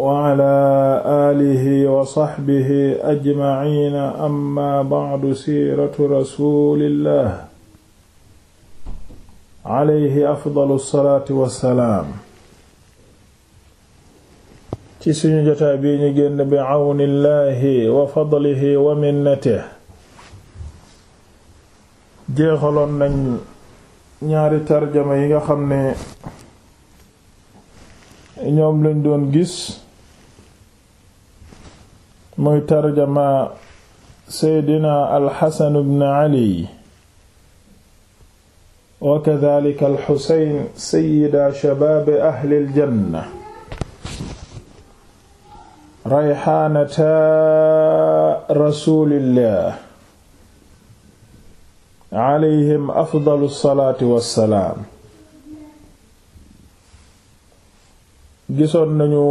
wa ala aalihi wa saxbihi ajmaciina amma bacdu siiratu rasuulillah alayhi afdalu salaatu wassalaam ci suñu jotaa bii ñu génn bi cawni llahi wa fadlihi wa minnatihi jeexaloon nañ ñaari tarjama yi nga xam ñoom lañ doon gis muy tarjama seydina alxasan bn ali wa kadhalika alxusayn sayida shabaabi ahli aljanna rayxaanata rasulillah alayhim afdalu salaati wassalaam gisoon nañu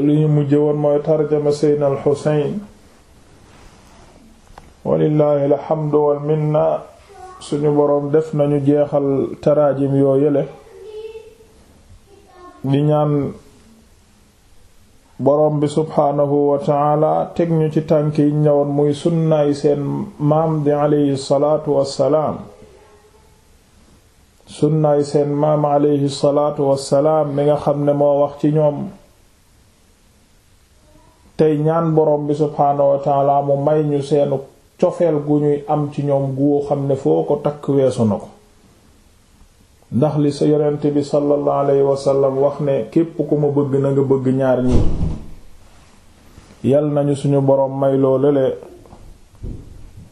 li ñu mujje woon mooy tarjama seydna al xusayn walillahi alhamdu wal minna suñu boroom def nañu jeexal taraajim yoo yële di ñaan boroom bi subhaanahu wa teg ñu ci tànk yi ñëwoon muy sunnaay seen maam di aleyhi salaatu wassalaam sunnaay seen maam aleyhi salaatu wassalaam mi nga xam ne moo wax ci ñoom tey ñaan borom bi subhaanahu mu may ñu seenu cofeel gu ñuy am ci ñoom guwoo xam ne foo ko takk weesu na ko ndax li sa yonent bi sallallahu alayhi wasallam wax ne képp ku ma bëgg na nga bëgg ñaar ñi yal nañu suñu boroom may loolu le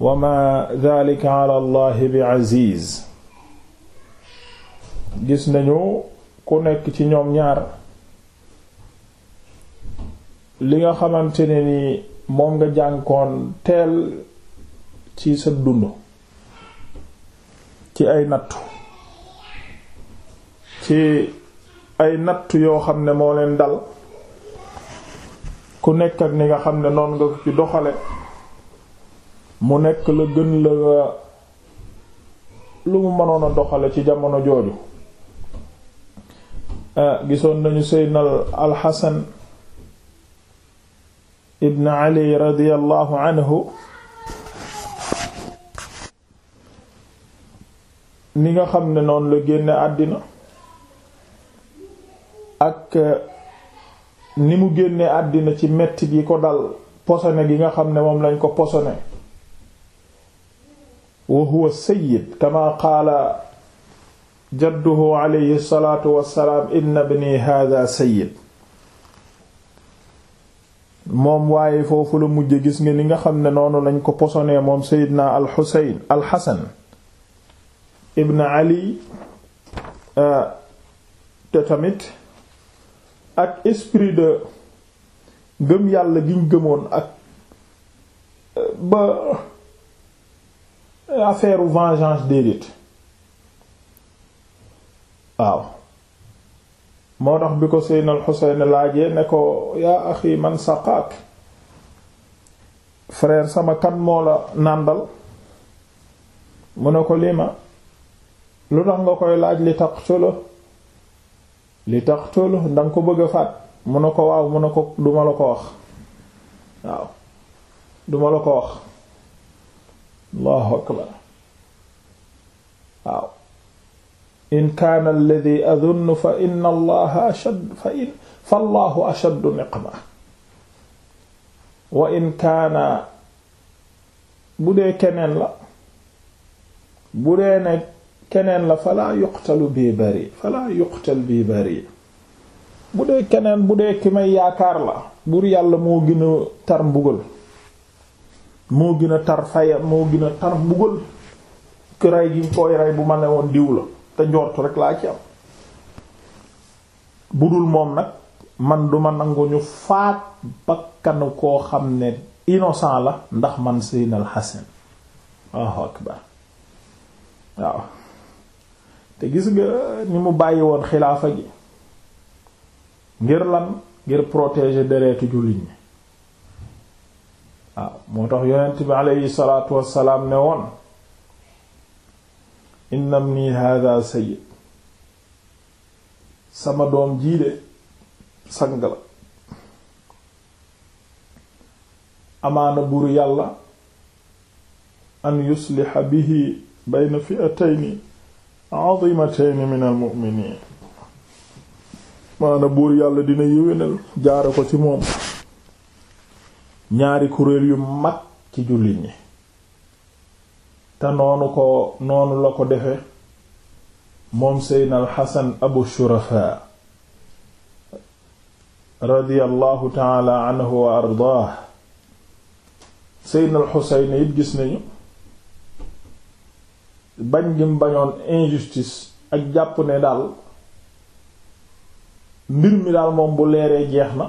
wa ma dhalika bi aziz gis nañu ku nekk ci ñoom ñaar li nga xamante ne ni moom nga jànkoon teel ci sa dund ci ay nattu ci ay nattu yoo xam ne moo leen dal ku nekk ak ni nga xam ne noonu nga ko ci doxale mu nekk la gën la lu mu mënoon a doxale ci jamono jooju eh, gisoon nañu seynal alxasan ibn ali radiyallahu anhu ni nga xam ne noonu la génne àddina ak euh, ni mu génne àddina ci metti yi ko dal posone gi nga xam ne moom lañ ko posone wa huwa sayyid kama qaala jadduhu alayhi salaatu wassalaam inna ibni hadha sayyid moom waaye foofu la mujje gis nga ni nga xam ne noonu lañ ko posonee moom seydina al xuseyn al xasan ibn ali euh, te tamit ak esprit de gëm yàlla giñ gëmoon ak euh, ba affaire vengeance déedéet waaw moo tax bi ko Seydina al-Xuseyn laajee ne ko yaa axi man saqaak frère sama kan moo la nàndal mu ne ko lima lu tax nga koy laaj li taqtulu li taqtulu danga ko bëgg a faat mu ne ko waaw mu ne ko duma la ko wax waaw duma la ko wax allahu akbar in kaana alladhi adhunnu fa inna allaha ashad fa in fa allahu ashaddu niqma wa in kaana bu dee keneen la bu dee ne keneen la falaa yuqtalu bi bari falaa yuqtal bi bari bu dee keneen bu dee ki may yaakaar la buur yàlla moo gën a tar mbugal moo gën a tar faya moo gën a tar mbugal ki rey gi koy rey bu ma ne woon diw la te njortu rek laa ci am bu dul moom nag man duma nangu ñu faat bakkanu koo xam ne innocent la ndax man seynal Hasan waaw akbar waaw te gis nga ni mu bàyyi woon xilaafa gi ngir lan ngir protéger deretu jullit ñi waaw moo tax yonent bi aleyhi salaatu wassalaam ne woon inna ibni hadha sayyid sama doom jii de sang la amaana buur yàlla an yusliha bihi bayna fi'atayni azimatayni min almu'minin maana buur yàlla dina yéwénal jaare ko ci moom ñaari kuréel yu mag ci jullit ñi te noonu ko noonu la ko defe moom seydna alxasan abu shurafa radiyallahu taala anhu wa ardaah seydna alxuseyn it gis nañu bañ gi mu injustice ak jàpp ne daal mbir mi daal moom bu leeree jeex na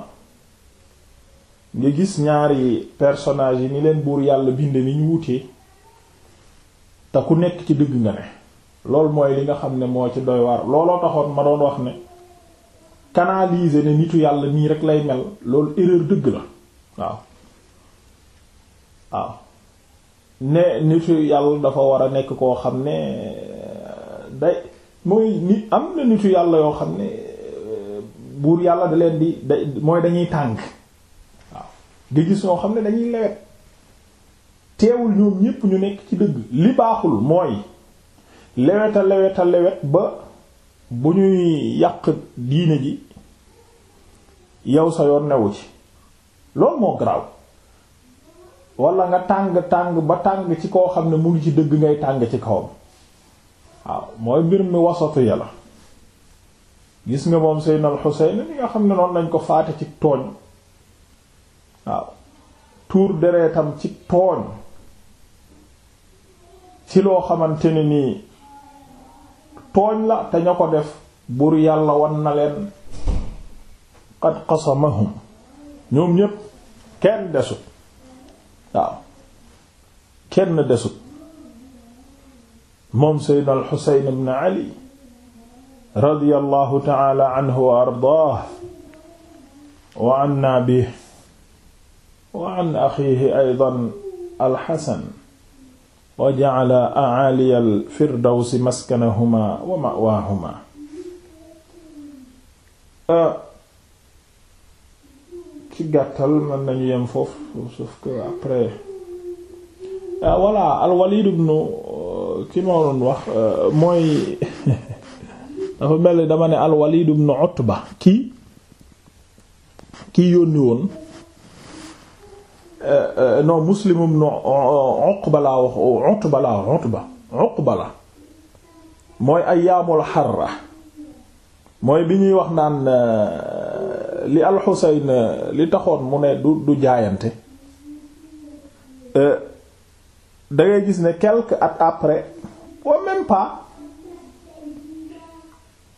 nga gis ñaari personnages yi ni leen buur yàlla binde ni ñu wutee te ku nekk ci digg nga ne loolu mooy li nga xam ne moo ci doy waar looloo taxoon ma doon wax ne canaliser ne nitu yàlla nii rek lay mel loolu erreur dëgg la waaw waaw ne nitu yàlla dafa war a nekk koo xam ne day mooy nit am na nitu yàlla yoo xam ne buur yàlla da leen di da mooy dañuy tàng waaw nga gis ñoo xam ne dañuy lewet teewul ñoom ñépp ñu nekk ci dëgg li baaxul mooy leweta leweta lewet ba bu ñuy yàq diine ji yow sa yoon newu ci loolu moo garaaw wala nga tàng tàng ba tàng ci koo xam ne mu ngi ci dëgg ngay tàng ci kawam waaw mooy mbir mi wasatu yàlla gis nga moom Seydina al-Husayn ni nga xam ne noonu lañ ko faate ci tooñ waaw tuur deretam ci tooñ ci loo xamante ne nii tooñ la te ña ko def buur yàlla wan na leen qad qasamahum ñoom ñépp kenn desut kenn desut moom seydna al xuseyn ibn ali radiyallahu taala anhu wa ardaah wa anna bihi wa an axiihi aydan al xasan wa ja'ala a'aliyal firdawsi maskanahuma wa ma'waahuma ah, ci gàttal mën nañu yem foofu sauf que après ah, voilà al Walid euh, ki ma wax euh, mooy dafa mel dama ne al Walid ibn ki kii yónni woon Euh, euh, non muslimum no Uqba laa wax Utba laa Utba Uqba la mooy ayyaamul xarra mooy bi ñuy wax naan euh, li alxuseyn li taxoon mu ne du du jaayante da ngay gis ne quelques at après ou même pas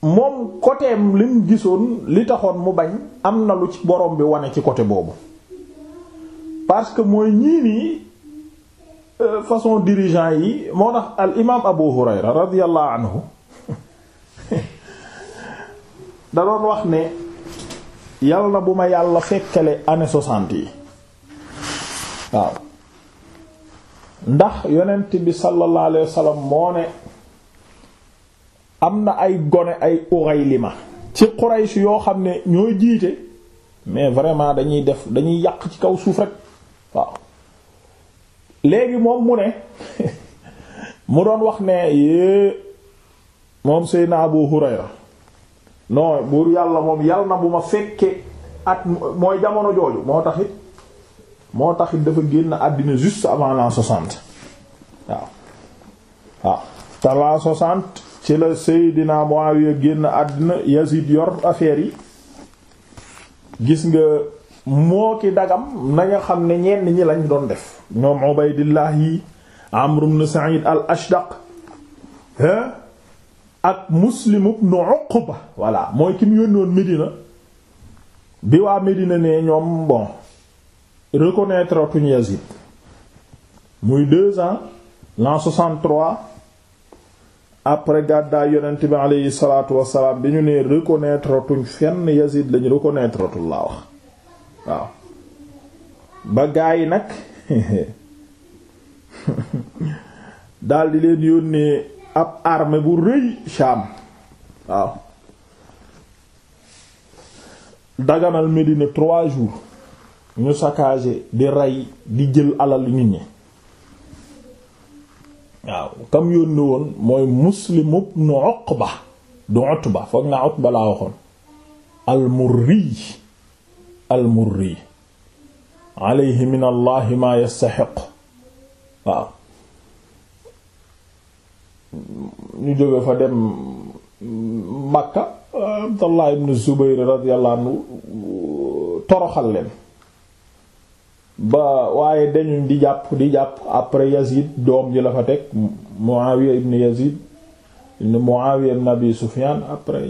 moom côté lim gisoon li taxoon mu bañ am na lu ci borom bi wane ci côté boobu parce que mooy ñii nii euh, façon dirigeant yi moo tax al imaam Abu Hurayra radiyallahu anhu da wax ne yàlla bu ma yàlla fekkale année soixante yi waaw ndax yonent bi sallallahu alayhi wasallam moo ne am na ay gone ay Uxaylima ci Quraysh yoo xam ne ñooy jiite mais vraiment dañuy def dañuy yàq ci kaw suuf rek waaw léegi moom mu ne mu doon wax ne yée moom Seydina Abu Hurayra non buur yàlla moom yàlla na bu ma fekkee at mooy jamono jooju moo taxit moo taxit dafa génn àddina juste avant l'an soixante waaw waaw te l'an soixante ci la Seydina Muawiya génn àddina Yazid yor affaire yi gis nga moo ki dagam na nga xam ne ñenn ñi lañ doon def ñoom Ubaydillah yi Amr ibn Sa'id al-Ashdaq ak Muslim ibn Uqba voilà mooy ki mu yónni woon bi waa Médina ne ñoom bon reconnaître tuñ Yazid muy deux ans l'an 63 après gàddaay yonent bi aleyhi salaatu wassalaam bi ñu ne reconnaître tuñ fenn Yazid lañ reconnaître tuñ laa wax waaw ba gaa yi nag daldi leen yónnee ab armée bu rëy Sham waaw daganal Médina trois jours ñu saccagé di rey di jël alal nit ñi waaw kam yónni woon mooy Muslim ibn Uqba du Utba foog naa Utba laa waxoon al-Murri almurri alayhi ma yastaxiq waaw ñu jóge fa dem Makka Abdallah ibn Zubayr radiyallahu toroxal leen ba waaye dañu di jàpp di jàpp après Yazid doom ji la fa teg Muawiya ibn Yazid ibn Muawiya ibn Abi Sufyan après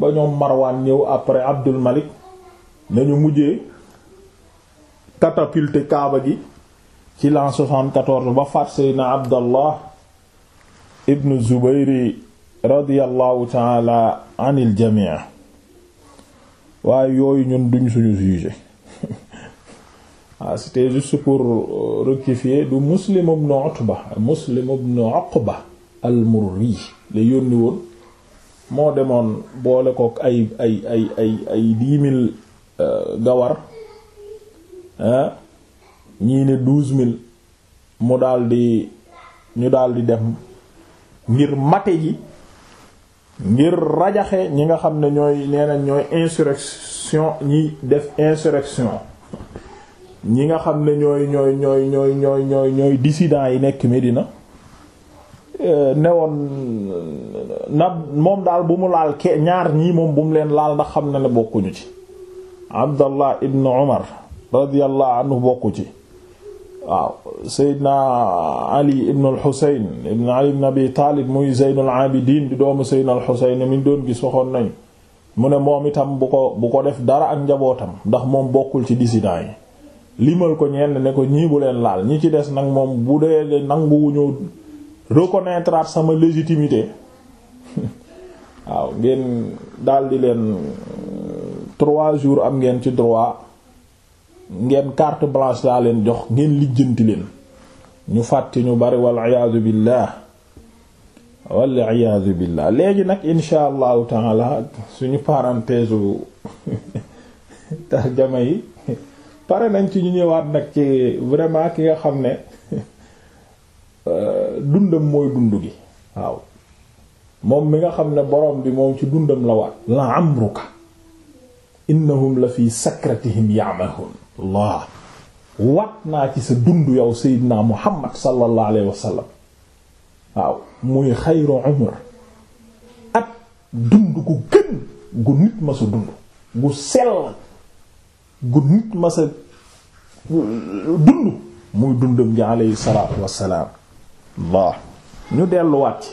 ba ñoom Marwan ñëw après Abdul Malik nañu mujjee catapulter kaaba gi ci l'an 74 ba faat seydna abdallah ibnu zubayri radiallahu taala anil jamii waaye yooyu ñun duñ suñu sujet ah c'était juste pour euh, rectifier du muslim ibn utba muslim ibn uqba al murri la yónni woon moo demoon boole kook ay ay ay ay ay dix Euh, gawar ñii ne douze mille mu daldi ñu daldi dem ngir mate ji ngir rajaxe ñi nga xam ne ñooy nee nañ ñooy insurrection ñi def insurrection ñi nga xam ne ñooy ñooy ñooy ñooy ñooy ñooy ñooy dissidents yi nekk Medina euh, newoon na moom daal bu mu laal ke ñaar ñii moom bu mu leen laal ndax xam na ne bokkuñu ci abdallah ibn umar radiyallahu anhu bokku ci waaw seydna ali ibn alxusayn ibn ali ibn abi taalib muy zeynul abidin di doomu seydna alxusayn mi doon gis nañu mu ne moom itam bu ko bu ko def dara ak njabootam ndax moom bokkul ci dissident yi limal ko ñenn ne ko ñii leen laal ñi ci des nag moom bu dee nanguwu ñëw reconnaître sama légitimité waaw ngeen daldi leen trois jours am ngeen ci droit ngeen carte blanche laa leen jox ngeen lijjanti leen ñu fàtte ñu bari wal iyaadu billah wal iyaadu billah léegi nag insha allahu taala suñu parenthèse tarjama yi pare nañ ci ñu ñëwaat nag ci vraiment ki nga xam ne euh, dundam mooy dund gi waaw moom mi nga xam ne borom bi moom ci dundam la waat la amruka innahum la fi sakratihim ya'mahun Allah wat naa ci sa dund yow Seydina Muhammad sallallahu alayhi wa waaw muy xayru umr ak dund gu gën gu nit ma sa dund gu sell gu nit ma sa dund muy dundam gi alayhi salaatu wassalaam Allah ñu delluwaat ci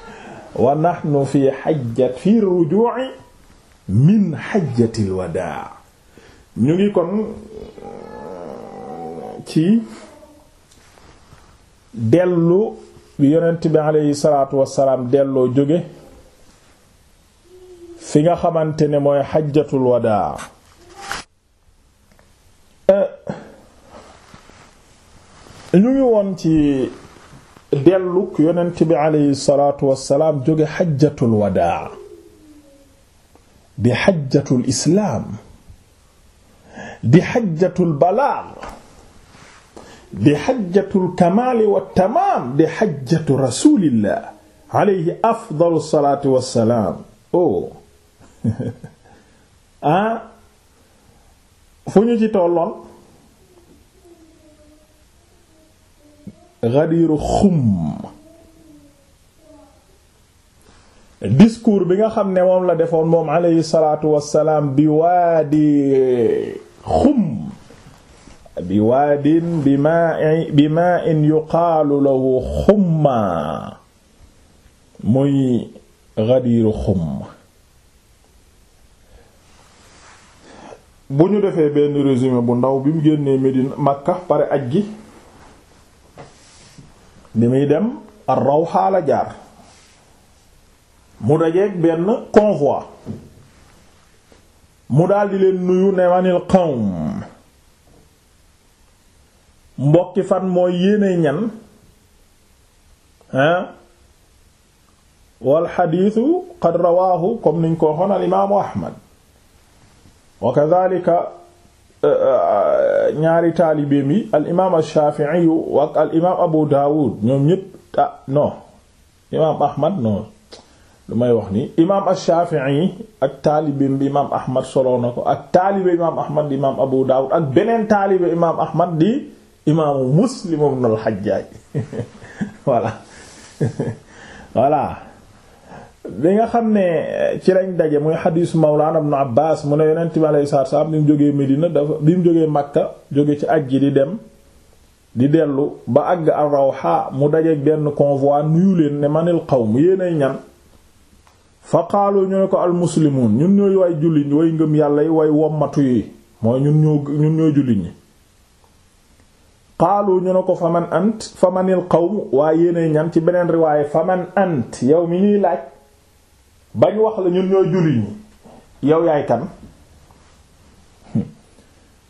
wa nahnu fi hajjat fi ruju'i min xajjatil wadaa ñu ngi kon euh, ci dellu bi yonent bi aleyhi salaatu wassalaam delloo jóge fi nga xamante ne mooy xajjatul wadaa euh, ñu ngi woon ci delluk yonent bi aleyhi salaatu wassalaam jóge xajjatul wadaa di xajjatul islaam di xajjatul balaag di xajjatul kamaali wa tamaam di xajjatu rasulillah alayhi afdalu salaatu wa salaam oh ah fu ñu ci tolloon gadiiru xum discours bi nga xam ne moom la defoon moom alayhi salaatu wassalaam bi waadi xum bi waadin bi ma'i bi ma'in yuqaalu lahu xumma muy gadiiru xum bu ñu defee benn résumé bu ndaw bi mu génnee Medina Makka pare aj gi bi muy dem ar-Rawha jaar mu dajeeg benn convoi mu daldi leen nuyu ne manil qawm mbokki fan mooy yéene ñan ah wal xadiisu qad rawaahu comme niñ ko waxoon al imaamu ahmad wa kadhalika euh, euh, ñaari taalibeem yi al imaam ash-Shafi'i ak al imaam Abu Dawud ñoom ñépp ah non imaam Ahmad lu wax ni imaam Ash-Shafi'i ak taalibeem bi imaam Ahmad solo ko ak taalibe imaam Ahmad di imaam Abu Dawud ak beneen taalibe imaam Ahmad di imaamu Muslim ibn al-Hajjaj voilà voilà bi nga xam ne eh, ci lañ daje muy xadiis Mawlana ibn Abbas mu ne yonent bi alayhi salaatu salaam bi mu jógee Medina dafa bi jógee Makka jóge ci ajji di dem di dellu ba àgg al-Rawha mu dajeeg benn convoi nuyu leen ne manil qawm yéenay ñan. fa qaalu ñu ne ko almuslimuun ñun ñooy way julli way ngëm yàlla yi way wommatu yi mooy ñun ñoo ñun ñoo julli ñi qaalu ñu ne ko fa man ant fa manil qawm waaye yéene ñan ci beneen riwaaye fa man ant yow mi ñuy laaj bañ wax la ñun ñooy julli ñi yow yaay kan hmm.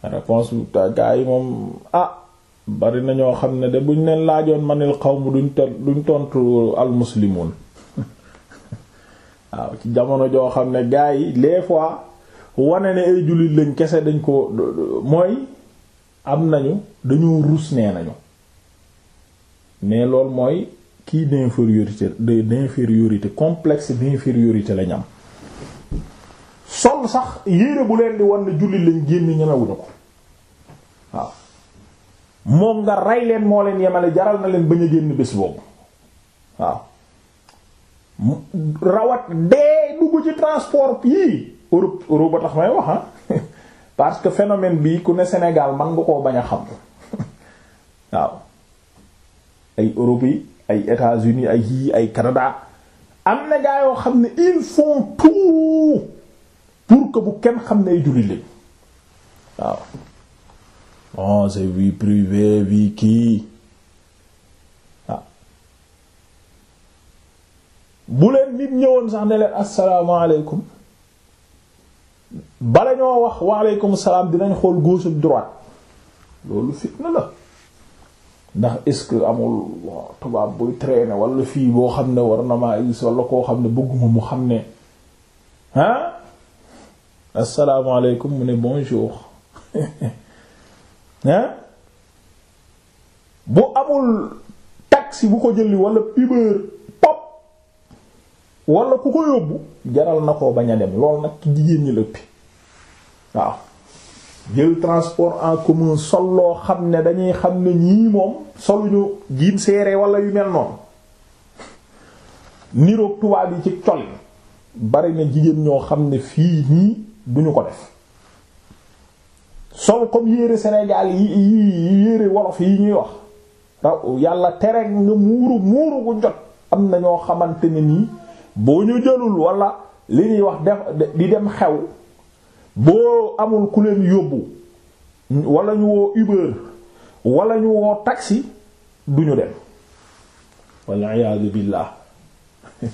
réponse gaa yi moom ah bari na ñoo xam ne de buñ leen laajoon manil qawm duñ tontu almuslimuun waaw ci jamono joo xam ne gars yi les fois wane ne ay jullit lañ kese dañ ko mooy am nañu dañoo rus nee nañu mais loolu mooy kii d'infériorité d'infériorité complexe d'infériorité lañ am sol sax yére bu leen di wan ne jullit lañ génn ñemewuñu ko waaw moom nga rey leen moo leen yemale jaral na leen bañ a génn bés boobu waaw rawat dee dugg ci transport yii Europe Europe ba tax may wax ah parce que phénomène bii ku ne Sénégal man nga koo bañ a xam waaw ay Europe yi ay États-Unis ay yii ay Canada am na gaa xam ne ils font tout pour que bu kenn xam ne ay jullit waaw. bon c'est vie privée vie kii. bu leen nit ñëwoon sax ne leen asalaamaaleykum bala ñoo wax waaleykum salaam dinañ xool gauche ak loolu fitna la ndax est-ce amul tubaab buy traîner wala fii boo xam ne war na maa gis wala koo xam ne bëgguma mu xam ne ah asalaamaaleykum mu ne bonjour ah bu amul taxi bu ko jëli wala Uber wala ku ko yóbbu jaral na ko bañ a dem lool nag ki jigéen ñu lëppi waaw jël transport en commun sol loo xam ne dañuy xam ne nii moom soluñu jiin seere wala yu mel noonu niroog tubaab yi ci col bari na jigéen ñoo xam ne fii nii duñu ko def sol comme yére Sénégal yi yi yére wolof yi ñuy wax raw yàlla tere nga muuru muuru gu jot am na ñoo xamante ne nii boo ñu jëlul walla li ñuy wax def di dem xew boo amul ku leen yóbbu wala ñu woo Uber wala ñu woo taxi du ñu dem walla iyaadu billaah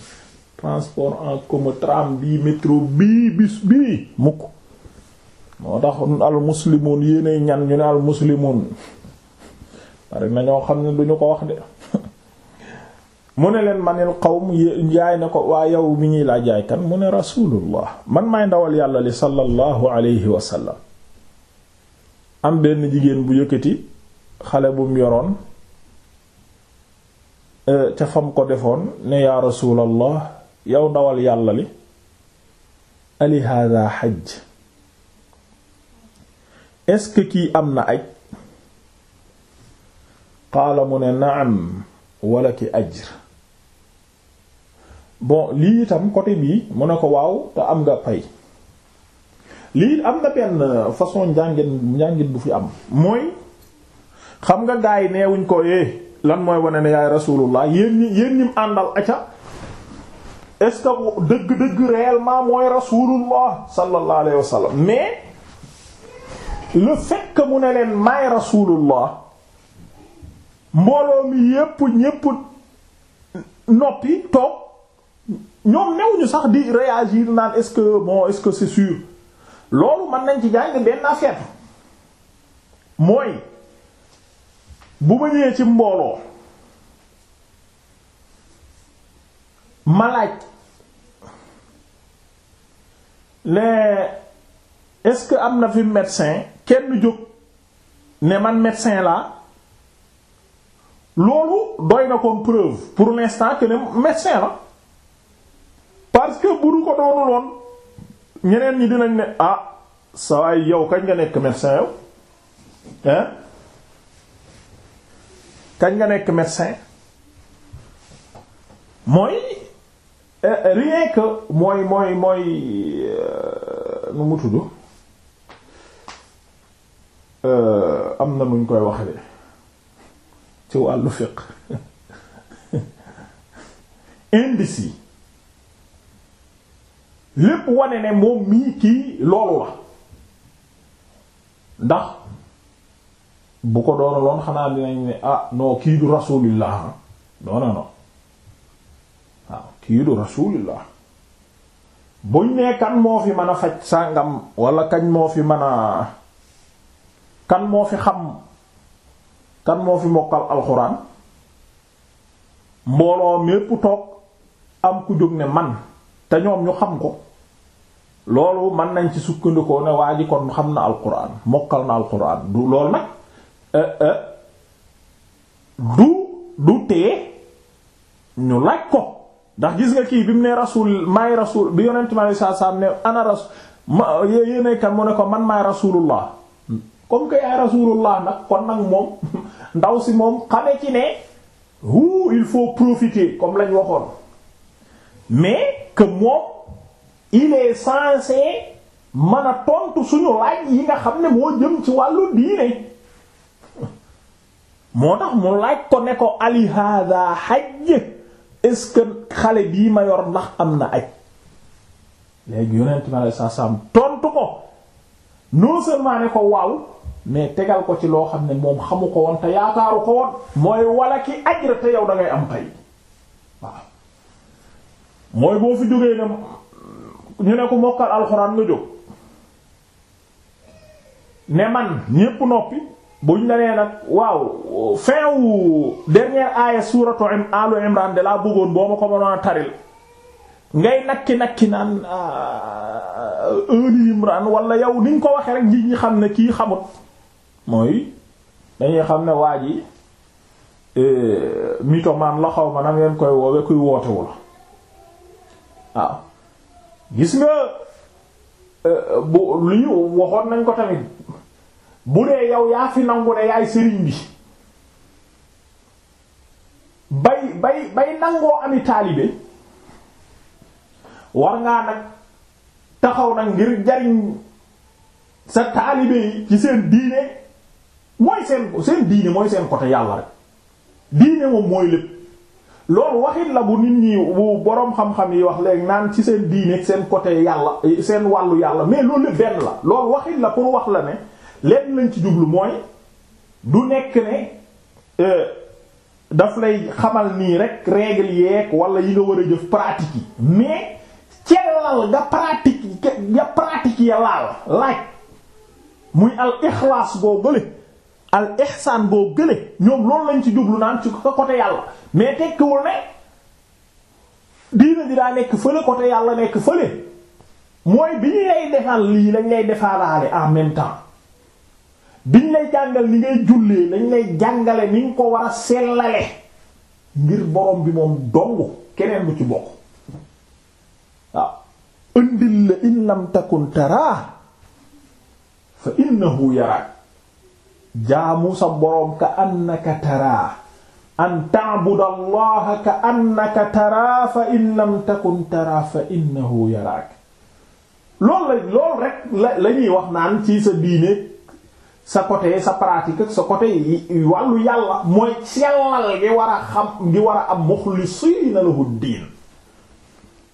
transport en commun tram bii métro bii bis bii mukk moo tax al muslimun yéenay ñan ñu ne al muslimun bari na ñoo xam ne duñu ko wax de mu ne leen manil qawm yaay ne ko waa yow mi ñuy laa yaay kan mu ne rasulullah man may ndawal yàlla li sallallahu alayhi wa sallam am benn jigéen bu yëkkati xale bum yoroon ca e, fam ko defoon ne yaa rasulallah yow ndawal yàlla li ali hada xaj est-ce kii am na aj qaala mu ne naam wala ki ajr bon lii itam côté bii mu ne ko waaw te am nga pay lii am na benn façon njàngin njàngin bu fi am mooy xam nga gaay neewuñ ko eh lan mooy wane ne yaay rasulullah yéen ñi yéen ñi mu àndal aca est ce dëgg-dëgg réellement mooy rasulullah sallallahu alayhi mais le fait mu ne leen maay rasulullah mbooloo mi yépp ñépp noppi toog ñoom newuñu sax di réagir naan est-ce que bon est-ce que c'est sûr loolu mën nañ ci jàng benn affaire mooy bu ma ñëwee ci mbooloo ma laaj ne est-ce que am na fi médecin kenn jóg ne man médecin la loolu doy na comme preuve pour l'instant que ne médecin la parce que buru ko doonul woon ñeneen ñi dinañ ne ah sa waay yow kañ nga nekk médecin yow kañ nga nekk médecin mooy eh, eh, rien que mooy mooy mooy euh, nu mu tudd euh, am na nuñ koy waxe ci wàllu fiqh indice lépp wane ne moom mii kii loolu la ndax bu ko doona loon xanaa dinañ ne ah non kii du rasulillah non non non waaw kii du rasulillah buñ ne kan moo fi mën a faj sàngam walla kañ moo fi mën a kan moo fi xam kan moo fi mokkal alxuraan mbooloo mépp toog am ku jóg ne man te ñoom ñu xam ko loolu mën nañ ci sukkandikoo ne waa ji kon xam na alquran mokkal na alquran du loolu nag euh, euh, du du tee ñu laaj ko ndax gis nga kii bi mu ne rasul maay rasul bi yonent ma saa saa ne ana rasul ma yéenay kan mu ne ko man maay rasulullah comme que yaay rasulullah nag kon nag moom ndaw si moom xame ci ne hu il faut profiter comme lañ waxoon mais que moom. il est censé mën a tontu suñu laaj yi nga xam ne moo jëm ci wàllu diine moo tax mu laaj ko ne ko ali hada hajj ce que xale bii ma yor ndax am na aj léegi yonent mi alei sat salaam tontu ko non seulement ne ko waaw mais tegal ko ci loo xam ne moom xamu ko woon te yaakaaru ko woon mooy wala ki ajra te yow da am pay mooy boo fi jógee ne ñu ne ko mokkal alxuraan nga jóg ne man ñépp noppi buñ la nee nag waaw fin wu dernière aaya suuratu Alu Imran de laa bëggoon boo ma ko mënoon a taril ngay nakki nakki naan ah, Alu Imran wala yow ni ko waxee rek nit ñi xam ne kii xamut mooy dañuy xam ne waa ji e, mythomane la xaw ma nan ngeen koy woowe kuy wootewu waaw. gis nga euh, bu lu ñu waxoon nañ ko tamit bu dee yow yaa fi nangu ne yaay sëriñ bi bay bay bay nangoo ami taalibe war ngaa nag taxaw nag ngir jariñ sa taalibe yi ci seen diine mooy seen seen diine mooy seen côté yàlla rek diine moom mooy lépp loolu waxit la bu nit ñi bu boroom xam-xam yi wax léegi naan ci seen diine seen côté yàlla seen wàllu yàlla mais loolu lépp benn la loolu waxit la pour wax la ne leen lañ ci jublu mooy du nekk ne euh, daf lay xamal nii rek règle yeeg wala yi nga war a jëf pratique yi mais cellal nga pratique nga pratique ya laal laaj muy al ixlaas boo bële al ihsaan boo gële ñoom loolu lañ ci jublu naan ci ko côté yàlla mais tekkiwul ne diina di daa nekk fële côté yàlla nekk fële mooy bi ñu lay defal lii lañ lay defaalaale en même temps biñ lay jàngal ni ngay jullee lañ lay jàngale ni nga ko war a sellale ngir borom bi moom dong keneen bu ci bokk waaw indil la in lam takun taraa fa innahu jaamu sa boroom ka annaka taraa an ta'buda allaha ka annaka taraa fa in lam takun taraa fa innahu yaraak loolu la loolu rek la la ñuy wax naan ci sa diine sa côté sa côté wàllu yàlla mooy sellal gi war a xam gi war a am muxlisiina lahu diin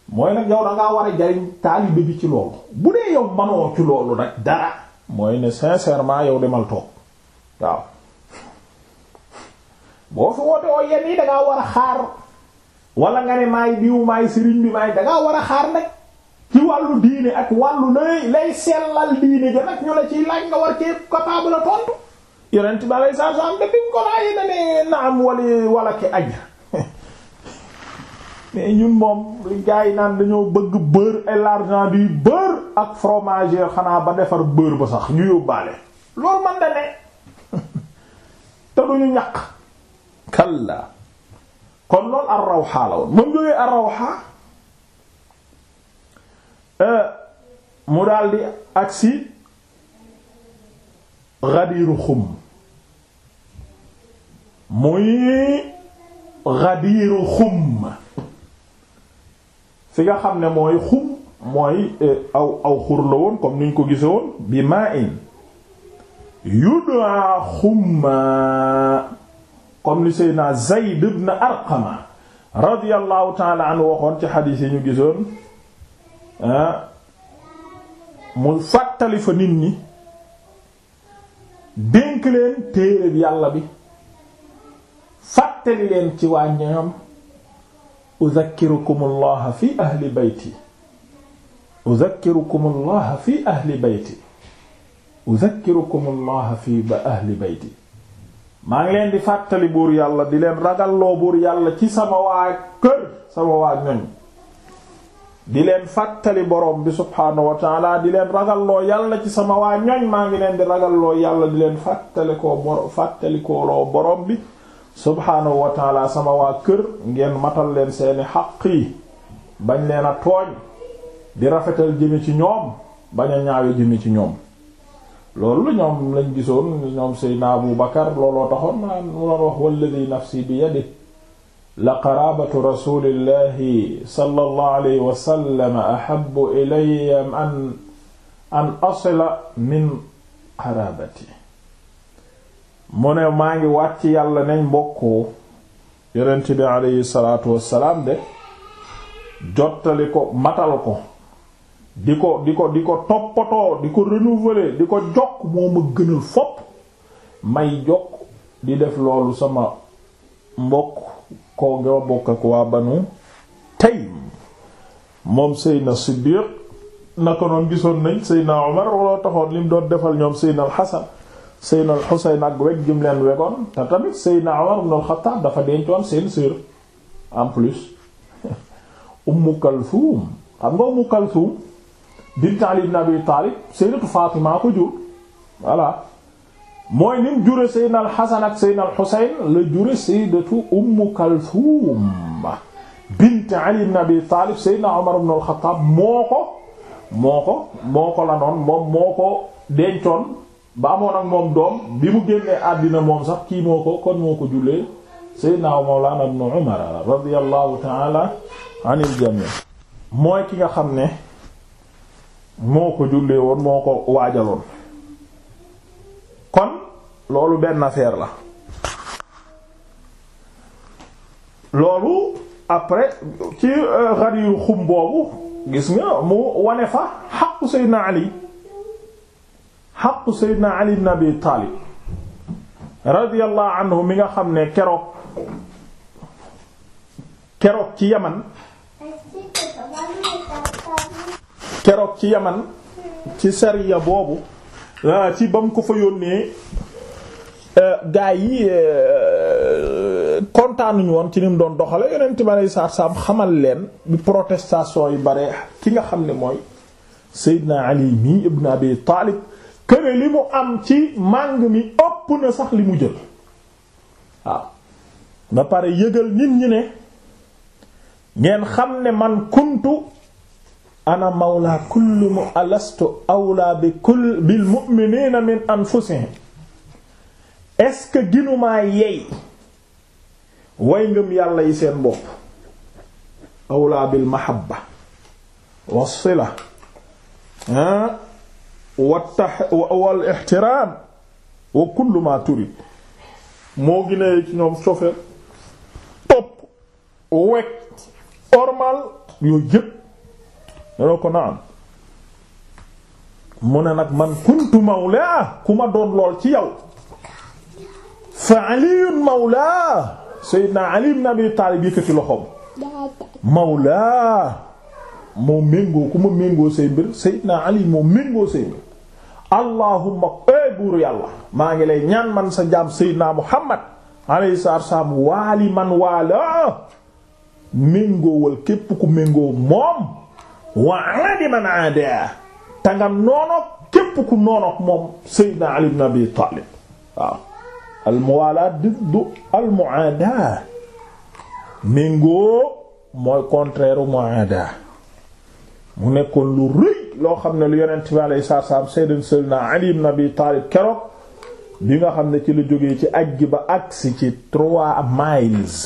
mooy nag yow da war a jariñ taalibe bi ci loolu bu dee yow manoo ci loolu nag dara mooy ne sincèrement yow demal toog waaw boo fi woote woo yenn yi dangaa war a xaar wala nga ne maay diw maay sëriñ bi maay dangaa war a xaar nag ci wàllu diine ak wàllu lay lay sellal diine ja nag ñu la ciy laaj nga war ci capable a tontu yonent bi alay saa saa am da biñ ko laaj na ne wali wala ki ajr ñun moom li gars yi naan dañoo bëgg beurre et l'argent du beurre ak fromage xanaa ba defar beurre ba sax ñu yóbbaale loolu man da te duñu ñaq kalla kon loolu ar-Rawha la woon moom jógee ar-Rawha euh, mu daldi agsi Ghadir Khoum muy Ghadir Khoum fi nga xam ne mooy Khoum mooy euh, aw aw xur la woon comme niñ ko gise woon bi maa in yudaa xumma comme li seydna Zayd ibn Arqama radiyallahu taala anhu waxoon ci xadiis yi ñu gisoon ah, mu fàttali fa nit ñi dénk leen téere bi yàlla bi fàttali leen ci waa ñoom uzakkirukum allah fi ahli bayti uzakkirukum allah fi ahli bayti uzakkirukum allah fi ba ahli bayti maa ngi leen di fàttali buur yàlla di leen ragalloo buur yàlla ci sama waa kër sama waa ñoñ di leen fàttali borom bi subhaanahu di leen ragalloo yàlla ci sama waa ñoñ maa ngi leen di ragalloo yàlla di leen fàttali koo borom bi subhaanahu wa sama waa kër ngeen matal leen seeni xaq bañ leen a tooñ di rafetal jëme ci ñoom bañ a ñaawe jëme ci ñoom loolu ñoom lañ gisoon ñoom Abu Bakar looloo taxoon naa mu doon wax walladi nafsi bi yadi la qarabatu rasulillahi sallallahu alayhi wa sallam ahabbu ilayya an an asila min qarabati mu ne maa ngi wàcc yàlla nañ mbokkoo yonent bi alayhi salaatu wassalaam de jottali ko matal ko di ko di ko di ko toppatoo di ko renouveler di ko jokk moo ma gënal fopp may jokk di def loolu sama mbokk ko nga bokk ak waa banu Taym moom Seydina Siddiq naka noon gisoon nañ Seydina Omar waloo taxoon lim doon defal ñoom Seydina al-Hasan Seydina al-Husayn ak weg jëm leen wegoon te tamit Seydina Omar ibn al dafa dencoon seen sœur en plus Ummu Kalthum xam nga Ummu Kalthum bint Ali ibn Abi Taalib sayyidatu Fatima ko jur voilà mooy nim jure sayyidna al ak sayyidna al la jure sayyidatu Umm Kalthum bint Ali ibn Abi Taalib sayyidna Umar ibn al moo ko moo ko moo moom moo ko dencoon ba amoon ak moom doom bi mu génnee àddina moom sax kii moo ko kon moo ko jullee sayyidna Mawlana ibn Umar radiyallahu ta'ala anil jami' mooy ki nga xam ne moo ko jullee woon moo ko waajaloon kon loolu benn affaire la loolu après ci euh, xar yu xum boobu gis nga mu wane fa xaqu Seydina Ali xaqu Seydina Ali ibn Abi Taalib radiyallahu anhu mi nga xam ne keroog keroog ci Yaman keroog ci yaman ci sariya boobu ah, ci ba mu ko fa yónnee eh, gaa yi eh, kontaanuñu woon ci ni mu doon doxale yonent bi aleyhi salaatu xamal leen bi protestation yi bare ki nga xam ni mooy Seydina Ali mi ibn Abi Taalib këne li mu am ci màng mi ëpp na sax li mu jël waaw ba pare yëgal nit ñi ne ngeen xam ne man kuntu ana mawla kulli mu alastu awla bi kull bil mu'minina min anfusihim est ginumaa yey way ngëm yàlla yi seen bopp awla bil mahabba wassila ah, wal ixtiraam wa kullu ma turid moo ginee ci ñoom chauffeur topp wekk ormal yooyu yëpp ne ko naam mu ne nag man kuntu mawlaa ku ma doon lool ci yow fa aliyun mawlaa seydina ali ibn abi taalib yëkkati loxoom mawlaa moo méngoo ku ma méngoo say mbir seydina ali moo méngoo say mbir allahumma ee buur yàlla maa ngi lay ñaan man sa jaam seydina muhammad alayhi man waalaa méngoowal képp ku méngoo moom wa aadi man te nga noonoog képp ku noonoog moom Seydina Ali ibn Abi Taalib waaw almuwaalaat diddu almuaadaa méngoo mooy contraire mu nekkoon lu rëy loo xam ne lu yonent bi alayhi salaatu salaam Seydina Ali ibn Abi Taalib keroog bi nga xam ne ci la jógee ci aj gi ba agsi ci trois miles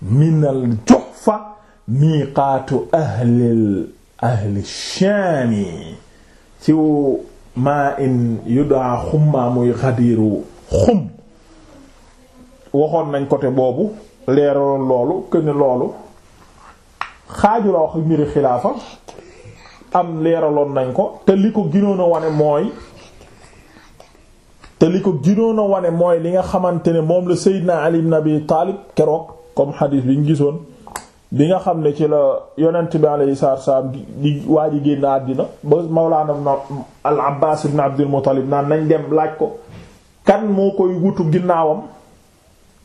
minal Juhfa miiqaatu ahlil ahli shaami ci maa in yudaa xummaa muy xadiiru xum waxoon nañ côté boobu leeraloon loolu këni loolu xaaju la wax mbiri xilaafa am leeraloon nañ ko te li ko ginoon a wane mooy te li ko ginoon a wane mooy li nga xamante ne moom la Seydina Ali ibn Abi Taalib keroog comme xadiis bi ñu gisoon bi nga xam ne ci la yonent bi alayhi salaatu wassalaam di waa ji génn àddina ba Mawlaana al Abbaas ibn Abdul Muttalib naan nañ dem laaj ko kan moo koy wutu ginnaawam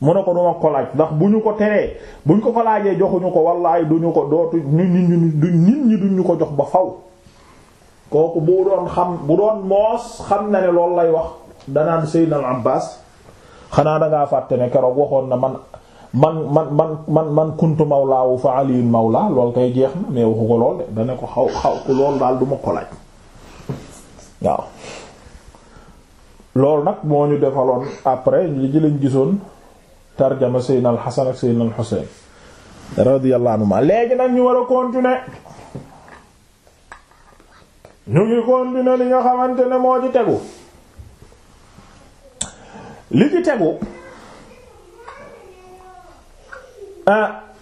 mu ne ko duma ko laaj ndax bu ñu ko teree buñ ko ko laajee joxuñu ko wallaay duñu ko dootu nit ñi duñu ko jox ba faw kooku bu doon xam bu doon moos xam na ne loolu lay wax danaan Seydina al Abbaas xanaa dangaa fàtte ne keroog waxoon na man man man man man man kuntu mawlaawu fa aliyun mawla lool kay jeex na mais waxu ko lool de dana ko xaw xaw ko lool daal du ma waaw loolu nag moo ñu defaloon après li ci lañ gisoon tarjama seydna al xasan ak seydna léegi nag ñu war a continuer ñu li nga xamante ne moo ci tegu li ci tegu Ah,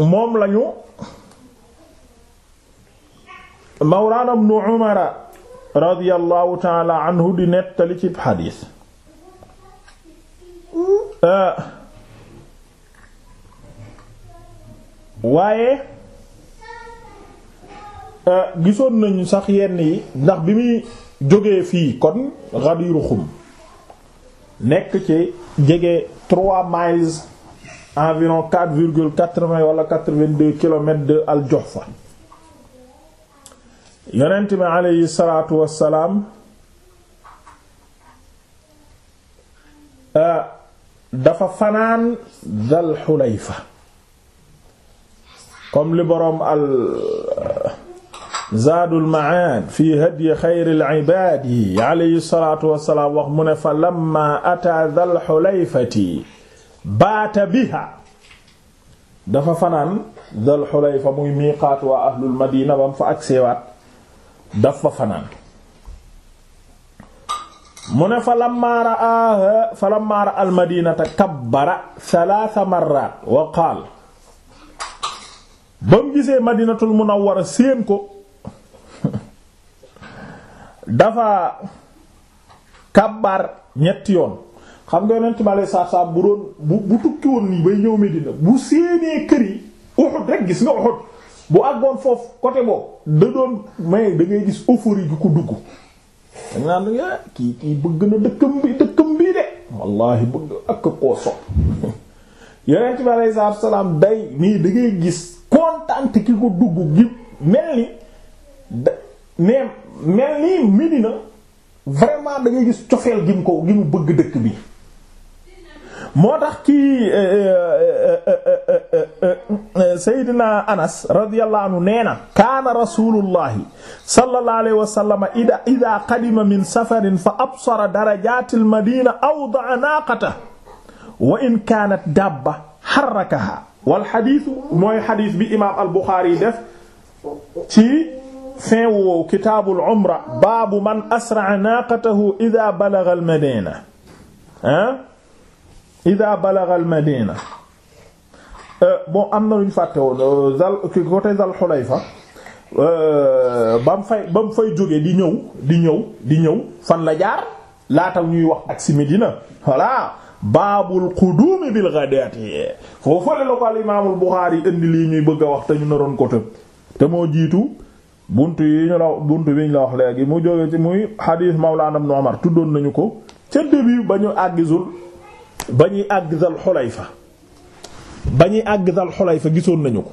moom lañu mawlaana ibnu umara radiyallahu taala di nettali ci xadiis ah, waaye ah, gisoon nañu sax yenn yi ndax bi muy jógee fii kon Ghadir Khoum nekk ci jege trois miles environ 4 virgule 80 wala 82 kilomètres de al Juhfa yonent bi aleyhi salaatu wassalaam euh, dafa fanaan dal xulayfa comme li boroom al euh, zaadul maad fi hadyi xayril ibaad yi aleyhi salaatu wax mu ne fa lamma ataa dal xulayfati baata biha dafa fanaan dal xulayfa muy miiqaat waa ahlul madina bam fa ak seewaat dafa fanaan mu ne fa lammaa a fa lammaa almadinata kabbara salaasa marraat wa qaal ba mu madinatul munawwara séen ko dafa kabbar ñetti yoon xam nga yonent mi aleyhi salaatu salaam bu doon bu bu tukki woon nii bay ñëw Medina bu séenee kër yi Uhud rek gis nga Uhud bu àggoon foofu côté boobu da doon may da ngay gis euphorie gi ko dugg ah, kii kii bëgg na dëkkam bi dëkkam bii de wallaahi bëgg ak koo sopp yonent mi aleyhi salaatu da dugg gi mel ni Medina vraiment da gis cofeel gi mu ko gi mu bëgg dëkk bi moo tax kii eh, eh, eh, Seydina Anas radiyallahu anhu nee na kaana rasulullahi sallallahu alayhi wa sallam ida ida qadima min safarin fa absara darajati almadina awdaa naaqata wa in kaanat dabba xarakaha walxadit mooy xadis bi imam al-Buxaari yi def ci fin woowu kitaabul umra baabu man asraa naaqatahu ida balaga almadina ah ida balagha al madina euh, bon am na lu ñu fàtte woon euh, zal ki côté zal xulayfa euh, ba mu fay ba fay jóge di ñëw di ñëw di ñëw fan la jaar laata ñuy wax ak si Medina voilà baabul quduumi bil ghadaati foofu la ko al imaamul yi indi lii ñuy bëgg a wax te ñu naroon ko tëb te moo jiitu buntu yi ñu la buntu bi ñu la wax léegi mu jóge ci muy xadiis Mawlaana Ibn tuddoon nañu ko ca début ba ñu àggizul ba ñuy àgg Zal Xulayfa ba ñuy àgg Zal gisoon nañu ko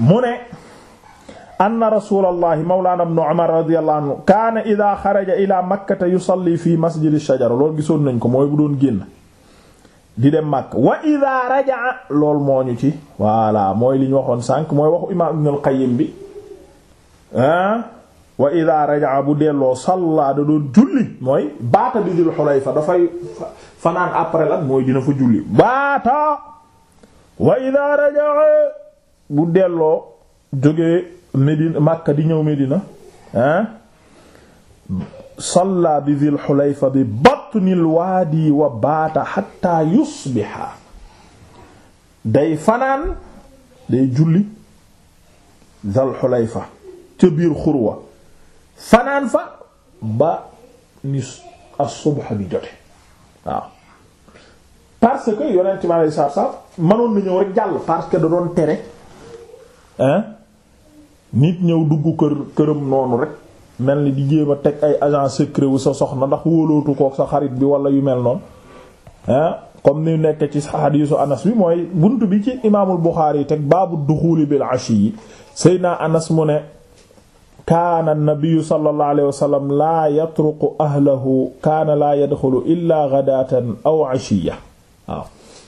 mu ne anna rasulallahi mawlana ibn Umar radiyallahu anhu kaana ida xaraja ila yu yusalli fi masjid ash-shajara loolu gisoon nañ ko mooy bu doon génn di dem màkk wa ida rajaa lool mooñu ci voilà mooy li ñu waxoon sànq mooy waxu imam ibn al bi ah wa ida rajaa bu delloo salla da doon julli mooy baata bi dul xulayfa dafay fanaan après lan mooy dina fa julli baata wa ida rajaa bu delloo jógee Medina Makka di ñëw Medina ah salla bi dul xulayfa bi batnil waadi wa baata xatta yusbiha day fanaan day julli dul xulayfa ca biir xurwa fanaan fa ba ni as-subha bi jote waaw parce que yonent mi alayhi salaatu salaam mënoon na ñëw rek jàll parce que da doon tere nit ñëw dugg kër këram noonu rek mel ni di jéem a teg ay agent secret wu sa soxna ndax wóolootu kook sa xarit bi wala yu mel noonu hein comme ni nekk ci hadiisu Anas bi mooy bunt bi ci imaamul Buxaari yi teg baabu duxuuli bil ashi yi Seydina Anas mu ne kaana nabiyu sallallahu alayhi wa sallam laa yatruku ahlahu kaana laa yadxulu illaa ghadaatan aw ashiya waaw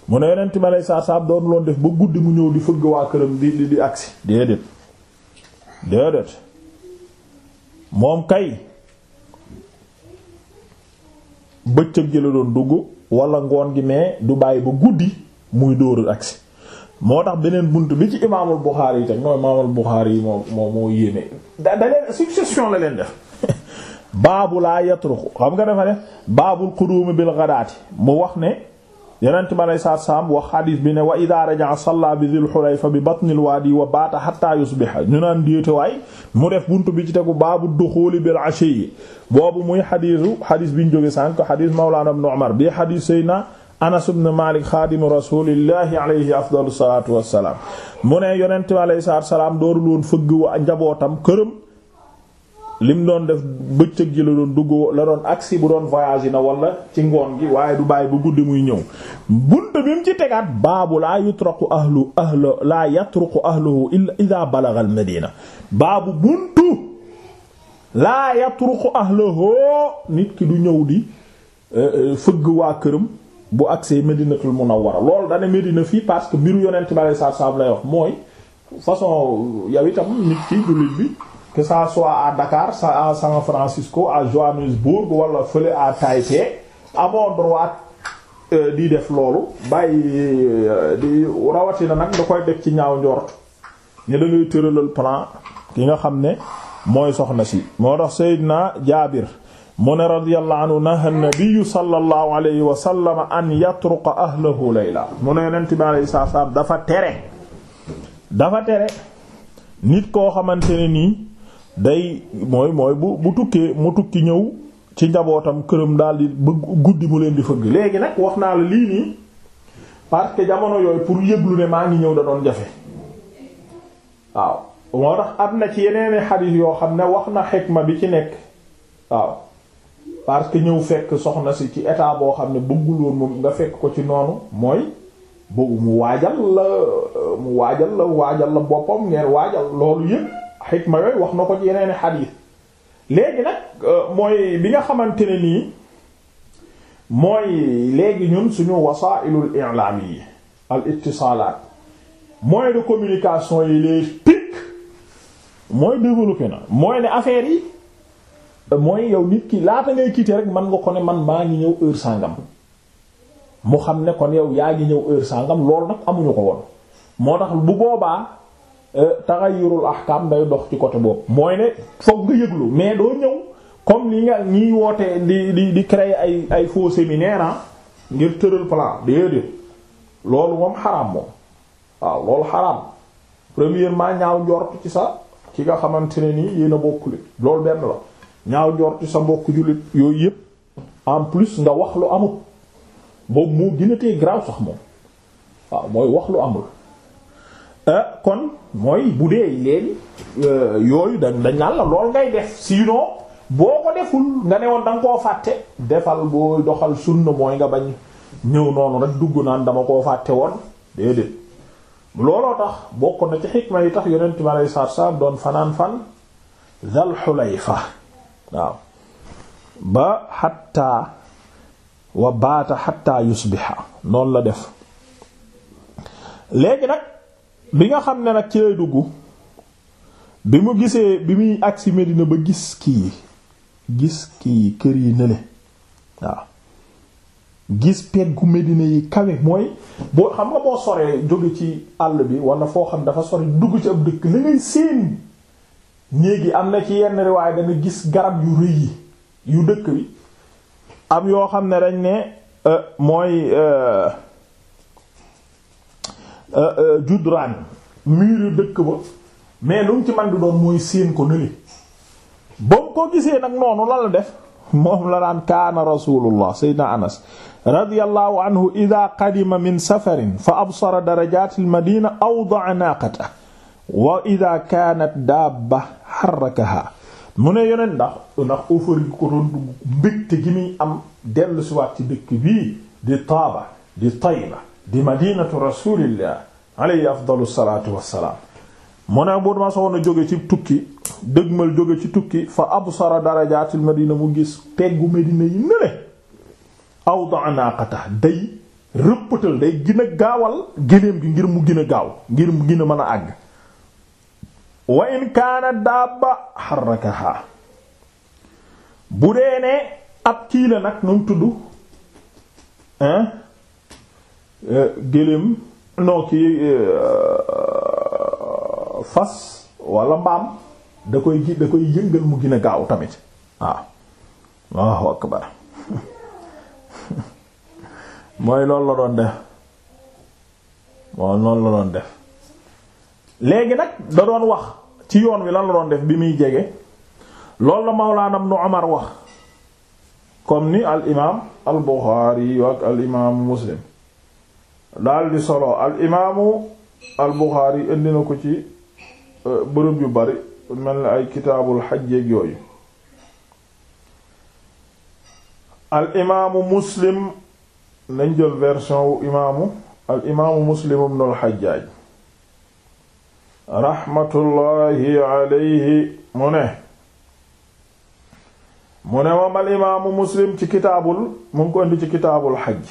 mu ne yonent ma lay saa saab loon def ba guddi mu ñëw di fëgg waa këram di di di agsi déedéet déedéet moom kay bëccëg gi la doon dugg walla ngoon gi mais du bàyyi ba guddi muy dóoru agsi moo tax beneen bunt bi ci imaamul Buxaari yi teg mooy imaamul Buxaari yi moo moo moo yéeme da da leen succession la leen def baabu laa yatruku xam nga dafa ne baabul quduumi bil ghadaati mu wax ne yenent mi aley saatu salaam wax xadiis bi ne wa ida raja'a salla bi bi batnil waadi wa baata hatta yusbiha ñu naan déetewaay mu def bunt bi ci tegu baabu duxuuli bil ashi yi boobu muy xadiisu xadiis bi ñu jóge sànk xadiis mawlaana ibn Umar bi xadiis na Anas ibn Malik xaadimu rasulillahi alayhi afdalu salaatu wassalaam mu ne yonent bi alayhi salaatu wassalaam doorul woon fëgg wa njabootam këram lim doon def bëccëg ji la doon dugg la doon agsi bu doon voyage na wala ci ngoon gi waaye du bàyyi bu guddi muy ñëw bunt bi mu ci tegaat baabu laa yutraku ahlu ahlu laa yatruku ahluhu illa ida balagha al madina baabu buntu laa yatruku ahluhu nit ki du ñëw di eh, eh, fëgg waa këram bu agsee Medinatul Munawwara loolu dane Medina fii parce que mbiru yonent bale sa saab lay wax mooy façon yow itam nit ki jullit bi que ça soit à Dakar ça à San Francisco à Johannesburg wala fële à Taipei amoo droit euh, di def loolu bàyyi euh, di rawatina nag da koy def ci ñaaw njort ne da ngay plan ki nga xam ne mooy soxna si moo tax Seydina Jaabir mu ne radiyallahu anhu naha nabiyu sallallahu alayhi wa sallam an yatruqa ahlahu layla mu ne yonent bi alayhi salaatu dafa tere dafa tere nit koo xamante ne nii day mooy mooy bu bu tukkee mu tukki ñëw ci njabootam këram daal di ba guddi mu leen di fëgg léegi nag wax naa la lii nii parce que jamono yooyu pour yëglu ne maa ngi ñëw da doon jafe waaw moo tax am na ci yeneen xadiis yoo xam ne wax na xikma bi ci nekk waaw parce que ñëw fekk soxna si ci état boo xam ne bëgguloon moom nga fekk ko ci noonu mooy bëggu mu waajal la euh, mu waajal la waajal la boppam ngeen waajal loolu yëpp ma yooyu wax na ko ci yeneen xadiis léegi nag euh, mooy bi nga xamante ne nii mooy léegi ñun suñu wasaa'ilul i'laam yi al ittisaalaat moyens de communication yi les pics mooy développé na mooy ne affaire yi Euh, mooy yow nit kii laata ngay kiite rek man nga ko ne man maa ngi ñëw heure sàngam mu xam ne kon yow yaa ngi ñëw heure sàngam loolu nag amuñu ko woon moo tax bu boobaa euh, taxayurul ahkam day dox ci côté boobu mooy ne foog nga yëglu mais doo ñëw comme li nga ñiy woote di di di créer ay ay faux séminaire ah, ngir tëral plan déedéet loolu moom xaraam moom waaw loolu xaraam premièrement ñaaw njort ci sax ci nga xamante ne nii yéen a bokkule loolu benn la ñaaw njortu sa mbokk jullit yooyu yëpp en plus nga wax lu amul boobu moo gën a tee sax moom waaw mooy wax lu amul euh, kon mooy bu dee léegi euh, yooyu dañ dañ naan la lool ngay def sinon boo ko deful nga ne woon da koo fàtte defal boo doxal sunna mooy nga bañ ñëw noonu rek dugg naan dama koo fàtte woon déedéet looloo tax bokk na ci xikma yi tax yonent mi aleyhi salaatu salaam doon fanaan fan Dal Xulayfa waaw ba xatta wa baata xatta yusbiha noonu la def léegi nag bi nga xam ne nag ci lay dugg bi mu gisee bi muy agsi Medina ba gis kii gis kii kër yi nële waaw gis peggu Medina yi kawe mooy boo xam nga boo soree jóge ci àll bi wala foo xam dafa sore dugg ci ab dëkk li ngay séen néegi am na ci yenn riwaay dana gis garab yu rëy yu dëkk bi am yoo xam ne rañ ne euh, mooy euh, euh, judraan miir yu dëkk ba mais lu mu ci man di doon mooy séen ko nële ba ko gisee nag noonu la la def moom la daan kaana rasulullah sayyidina anas radiyallahu anhu ida qadima min safarin fa absara darajatil madina awda'a naaqata wa ida kaanat daaba xarakaha mu ne yoneen ndax ndax ofari ko doon mbégte gi muy am dellu siwaat ci dëkk bii di taaba di tayba di madinatu rasulillah alayhi afdalu salaatu wassalaam mu ne bu ma soona jóge ci tukki dëgmal jóge ci tukki fa absara darajaatil madina mu gis peggu madina yi ne le awda naaqata day rëppatal day gën a gaawal géléem gi ngir mu gën a gaaw ngir mu gën a mën a àgg wa in kaana dabba xarakaha bu dee ne ab kii la nag nu mu tudd hein euh, gëléem noo euh, fas wala mbaam da koy gi da koy yëngal mu gën a gaaw tamit waaw Allahu akbar mooy loolu la doon def mooy loolu la doon def léegi nag da doon wax ci yoon wi lan la doon def bi muy jege loolu la Mawlaana Ibnu Umar wax comme ni al imaam al Buxaari yu ak al imaamu Muslim daal di solo al imaamu al ko ci e, bërëb yu bari mel ni ay kitaabul xaj yeeg yooyu al imaamu Muslim nañ jël version wu imaamu al imaamu Muslim ibnu al Xajjaaj raxmatullahi alayhi mu ne mu ne moom al imaamu muslim ci kitaabul mu ko indi ci kitaabul xaj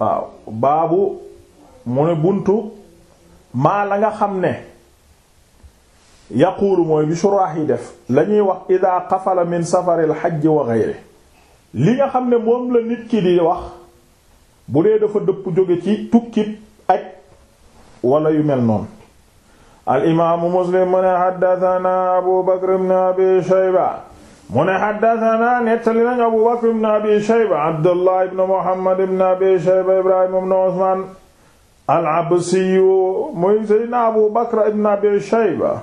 waaw baabu mu ne buntu maa la nga xam ne yaquulu mooy bi suraax yi def lañuy wax ida xafala min safaril xaj wa geyre li nga xam ne moom la nit ki di wax bu dee dafa dëpp jóge ci tukkit wala yu mel noonu al imaamu muslim mu ne xaddatanaa abu bakr ibn abi shayba mu ne xaddatanaa nettali nañ abu bakr ibn abi shayba abdullah ibn muhammad ibn abi shayba ibrahima ibn usman al absiyu muy seydna abu bakr ibn abi shayba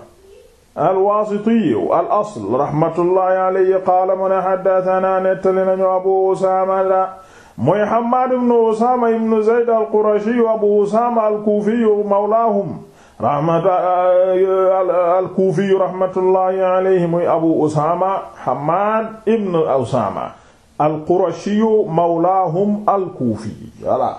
alwaasitiyu al asl rahmatullahi alayhi qaala mu ne xaddatanaa nettali nañu abu usaama mooy Hammaad ibnu Usaama ibnu Zayd al-Qurashi Abu Usaama al-Kuufi mawlaahum rahmata al-Kuufi rahmatullahi alayhi muy Abu Usaama Hammaad ibnu Usaama al-Qurashi mawlaahum al-Kuufi voilà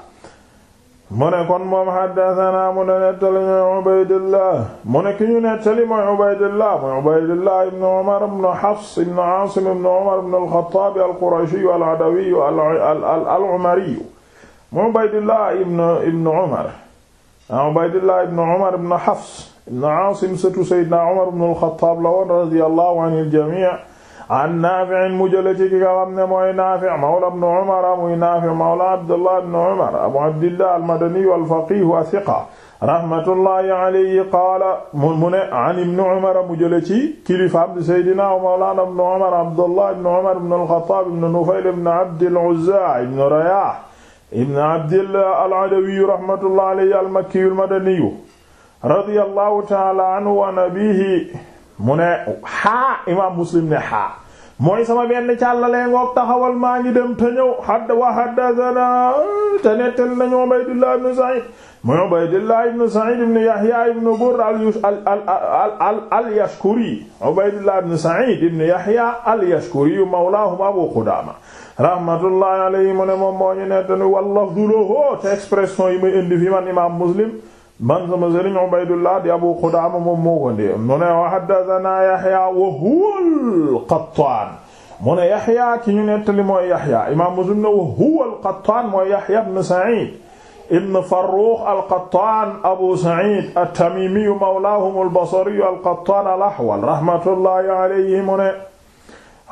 mu ne kon moom xaddasanaa mu ne nettali ñooy Ubaydillah mu ne ki ñu nettali mooy Ubaydillah mooy Ubaydillah ibn Umar ibn Hafs ibn Aasim ibn Umar ibn al-Khattaab al-Qurashi al-Adawi al-Umari mu Ubaydillah ibn ibn Umar ah, Ubaydillah ibn Umar ibn Hafs ibn Aasim sëtu Sayyidina Umar ibn al-Khattaab la woon radiyallahu anil jamii' an Naafi' mu jële ci ki nga xam ne mooy Naafi' mawla ibn Umar muy Naafi' mawla Abdullah ibn Umar Abu Abdillah al-Madani al-faqih as-siqa rahmatullahi alayhi qaala mu ne an ibn Umar mu jële ci kilifaam Seydina mawlana ibn Umar Abdullah ibn Umar ibn al-Khattab ibn Nufayl ibn Abd al-Uzza ibn Rayah ibn Abdillah al-Adawi rahmatullahi alayhi al-Makki al-Madani radiyallahu ta'ala anhu wa nabihi mu ne xaa imaam muslim ne xaa mooy sama benn càllalee ngoog taxawal maa ngi dem te ñëw hadd wa haddathana te nettal nañu Ubaydullah ibn Sa'id mooy Ubaydullah ibn Sa'id ibn Yahya ibn Burr al-Yashkuri Ubaydullah ibn Sa'id ibn Yahya al-Yashkuri mawlaahum Abu Qudaama rahmatullahi alayhi mu ne moom moo ñu nettal wal lafdu lahu te expression yi muy indi fi man imaam muslim man sama sëriñ Ubaydullah di Abu Qudaama moom moo ko ndee mu ne wa haddathana Yahya wa huwa al-Qattaan mu ne Yahya ci ñu nettali mooy Yahya imaam Muslim ne wa huwa al-Qattaan mooy Yahya ibn Sa'iid ibn Farrukh al-Qattaan Abu Sa'iid at-Tamiimi mawlaahum al-Basri al-Qattaan al-Ahwal rahmatullahi alayhi mu ne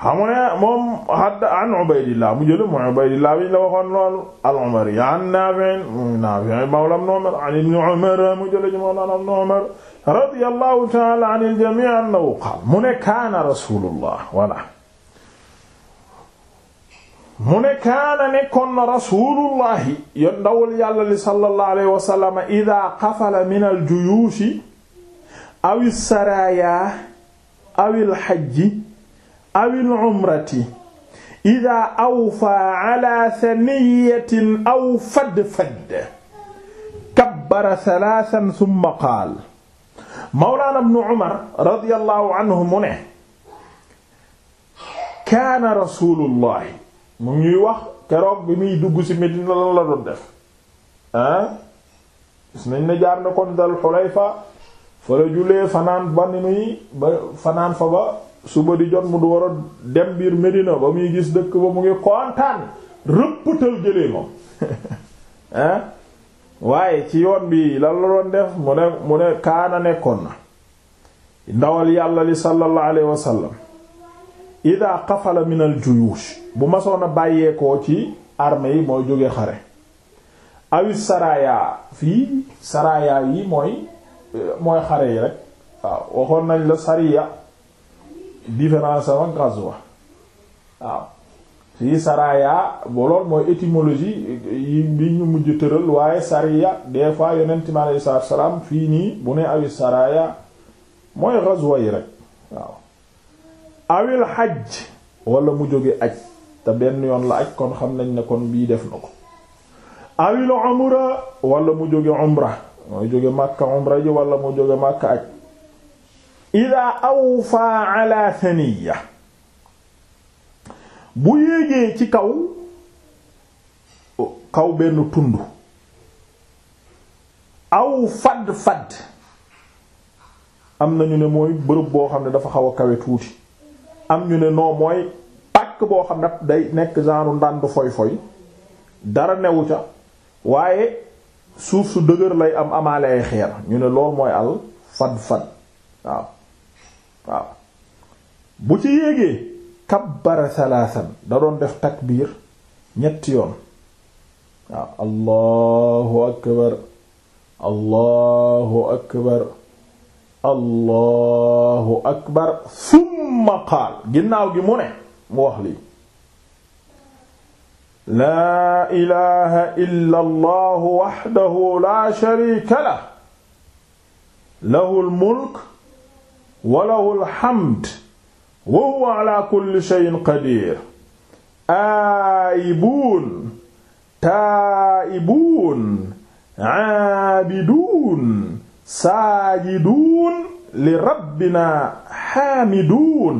xamu ne moom hadda an Ubaydillah mu jële mooy Ubaydillah biñ la waxoon loolu al-Umari an Naafi' mu Naafi' mawla Ibn Umar an Ibn Umar mu jële ci mawla Ibn Umar radiyallahu ta'ala anil jami' annahu qaala mu ne kaana rasulullah voilà mu ne kaana nekkoon na rasulullahi yo ndawul yàlla li sallallahu alayhi wa sallam idha qafala min al-juyush aw as-saraya aw al-hajj awil umrati ida awfa ala thaniyatin aw fad-fad kabbara thalathan thumma qaal mawlaana ibnu umar radiyallahu anhu mu ne kaana rasulullahi mu ngi wax keroog bi muy dugg ci Medina lan la doon def ah gis nañ ne jaar na kon dal Xulayfa fa la julee fanaan ba ni muy ba fanaan fa ba suba di jot mu du war a dem biir Medina ba muy gis dëkk ba mu ngi kontaan rëpptal jëlee moom ah waaye ci yoon bi lan la doon def mu ne mu ne kaana nekkoon na ndawal yàlla li sallallahu alayhi wa sallam ida xafala min bu masoon a bàyyeekoo ci armée yi mooy jóge xare awit saraya fii saraya yi mooy mooy xare yi rek waaw waxoon nañ la sariya différence am ak ghazwa waaw fii saraya booloon mooy étymologie yi bi ñu mujj tëral waaye sariya des fois yonent mi alayhi salaatu fii nii bu ne awi saraya mooy ghazwa yi rek waaw awil xaj wala mu jóge aj te benn yoon la aj kon xam nañ ne kon bii def na ko awil umra wala mu jóge umra mooy jóge màkka umra ji wala mu jóge màkka aj ida aw ala thaniya bu yéegee ci kaw kaw benn tund aw fad fad am na ñu ne mooy bërëb boo xam ne dafa xaw a kawe tuuti am ñu ne noo mooy pàkk boo xam ne day nekk genre ndànd foy foy dara newu ca waaye suuf su dëgër lay am amaale ay xeer ñu ne lool mooy al fad fad waaw waaw bu ci yéegee kabbara salaasan da doon def takbiir ñetti yoon waaw allahu akbar allahu akbar allahu akbar summa qaal ginnaaw gi mu ne mu wax lii laa ilaha illa allahu waxdahu la sharika lah lahu al mulk walahul hamd wa huwa ala kulli shay'in qadir aayibuun taayibuun aabiduun saajiduun li rabbina xaamiduun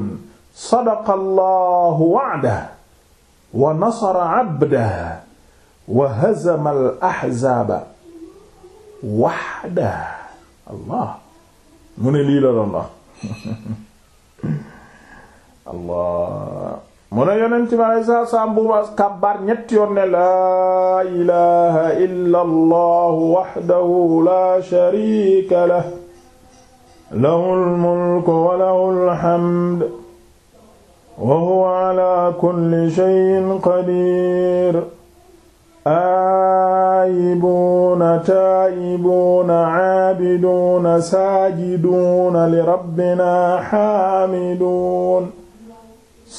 sadaqa allahu wa'dahu wa nasara abdahu wa hazama al-ahzaaba wahdahu allah mu ne lii la doon wax allah mu ne yonent bi alei saatu salaam bu ma kàbbaar ñetti yoon ne laa ilaha illa allah waxdahu la sharika lah lahul mulku wa lahul hamd wa huwa ala kulli shay'in qadir taayibuuna taayibuuna caabiduuna saajiduuna li rabbina xaamiduun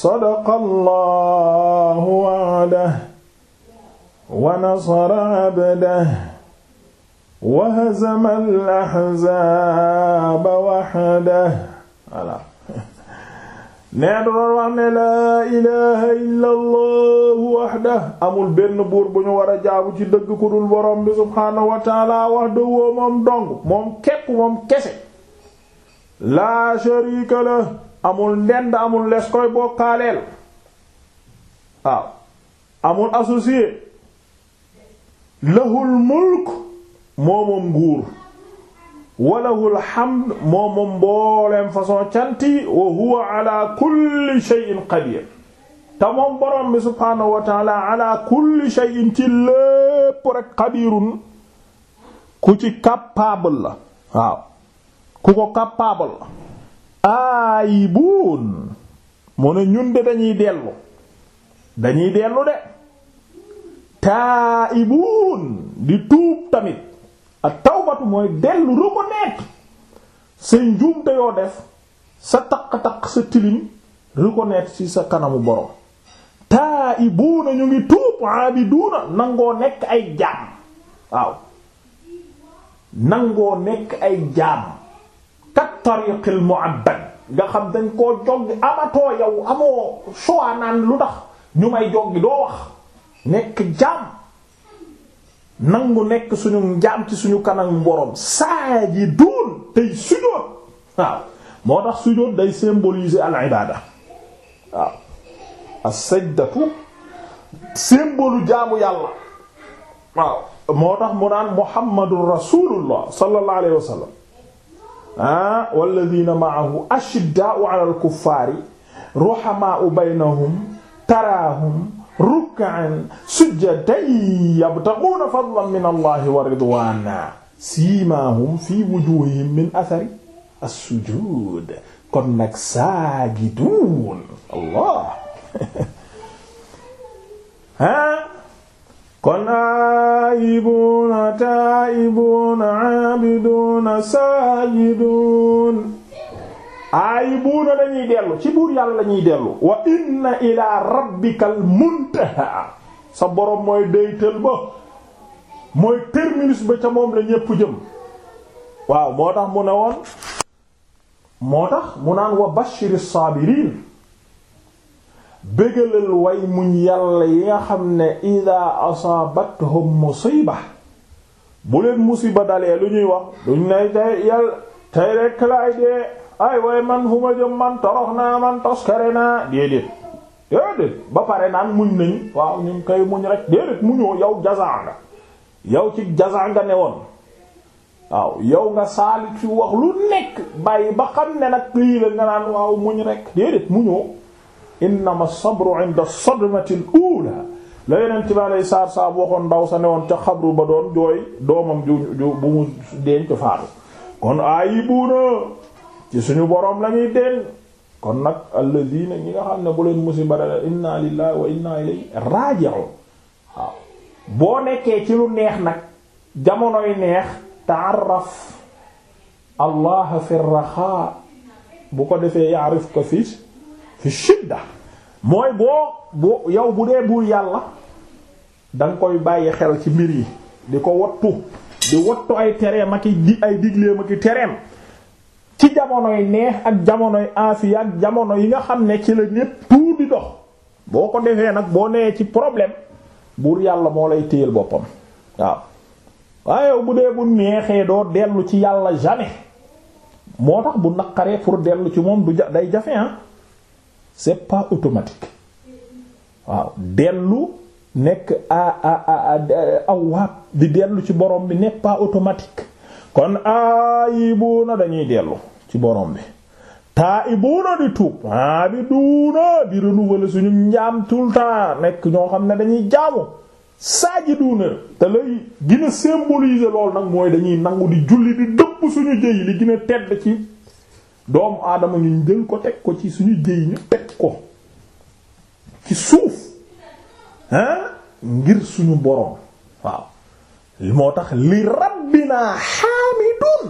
sadaqallaahu wa'dahu wa nasara abdahu wa hazama al-ahzaaba wahdahu nee du doon wax ne laa ilaha illa waxda amul benn buur bu ñu war a jaabu ci dëgg ku dul borom bi subhaanahu wa taala waxda woo moom dong moom képp moom kese laa sharika la amul ndend amul les koy bokkaaleel waaw amul associé lahul mulk moomoom nguur walahul hamd moom moom mbooleem façon canti wa huwa ala kulli shay'in qadir te moom subhaanahu wa taala kulli shay'in ci lépp rek qadirun ku ci capable la waaw ku ko capable la aayibuun ne ñun de dañuy dellu dañuy dellu de taayibuun di tuub tamit a tawbatu mooy dellu reconnaître sa njuumte yoo def sa taq-taq sa tilim reconnaître ci sa kanamu borom taa'ibuuna ñu ngi tuub aabiduuna nangoo nekk ay jaam waaw nangoo nekk ay jaam kat tariqil mu'abbad nga xam dañ koo joggi amatoo yow amoo soo lu tax ñu may joggi doo wax nekk jaam nangu nekk suñu njaam ci suñu kanam borom saa doon tey sujóot waaw moo tax sujóot day symboliser al ibada waaw as-sajdatu symbole jaamu yàlla waaw moo tax mu naan muhammadur rasulullah sallallahu alayhi wa sallam ah walladhina ma'ahu ashidda'u 'alal kuffari ruhamaa'u baynahum taraahum ruk'an sujjaday yabtaghuuna fadlan min allahi wa ridwaana siimaahum fi wujuuhihim min athari as-sujuud kon nag saajiduun allah ha kon aayibuuna taa'ibuuna aabiduuna saajiduun aayibuuna dañuy dellu ci buur yàlla lañuy dellu wa inna ilaa rabbikal muntaha sa borom mooy deytal ba mooy terminus ba ca moom la ñépp jëm waaw moo tax mu ne woon moo tax mu naan wa bashiri saabiriin bégalal way muñ yàlla yi nga xam ne idaa asaabathum musiba bu leen musiba dalee lu ñuy wax duñ ne tey yàlla tey rekk laay dee ay way man fu ma jëm man torox naa man toskare naa déedéet déedéet ba pare naan muñ nañ waaw ñu koy muñ rek déedéet muñoo yow jazaa nga yow ci nga ne woon waaw yow nga saalit fi wax lu nekk bàyyi ba xam ne nag lii la nga naan waaw muñ rek déedéet muñoo innama sabru inda sadmati al-ula la yeneen bi alei saatu salaam waxoon ndaw sa ne woon ca xabru ba doon jooy doomam ju bu mu denc faatu kon ayibuuna ci suñu boroom lañuy dén kon nag alladina ñi nga xam ne bu leen musiba dala inna lillahi wa inna boo nekkee ci lu neex nag jamonoy neex ta'arraf allah fi raxaa bu ko defee yaarif ko fi fi shidda mooy boo boo yow bu dee buur yàlla danga koy bàyyi xel ci mbir yi di ko wattu di wattu ay tereem ak i di ay digleem ak i tereem ci jamonoy neex ak jamonoy aafiya ak jamono yi nga xam ne ci la ñépp tuur di dox boo ko defee nag boo nee ci problème buur yàlla moo lay téyel boppam waaw waaye bu dee bu neexee doo dellu ci yàlla jamais moo tax bu naqaree pour dellu ci moom du day jafe ah c'est pas automatique waaw dellu nekk a a di dellu ci borom bi n'est pas automatique kon na dañuy dellu ci borom bi taayibuuna di tuub aabiduuna di renouveler suñu njaam tout le temps nekk ñoo xam ne dañuy jaamu saajiduuna te lay gën a symboliser nag mooy dañuy nangu di julli di dëpp suñu jëy li gën a tedd ci doomu aadama ñu jël ko teg ko ci suñu jëy ñu teg ko ci suuf hein ngir suñu borom waaw moo tax li rabbinaa xaamidun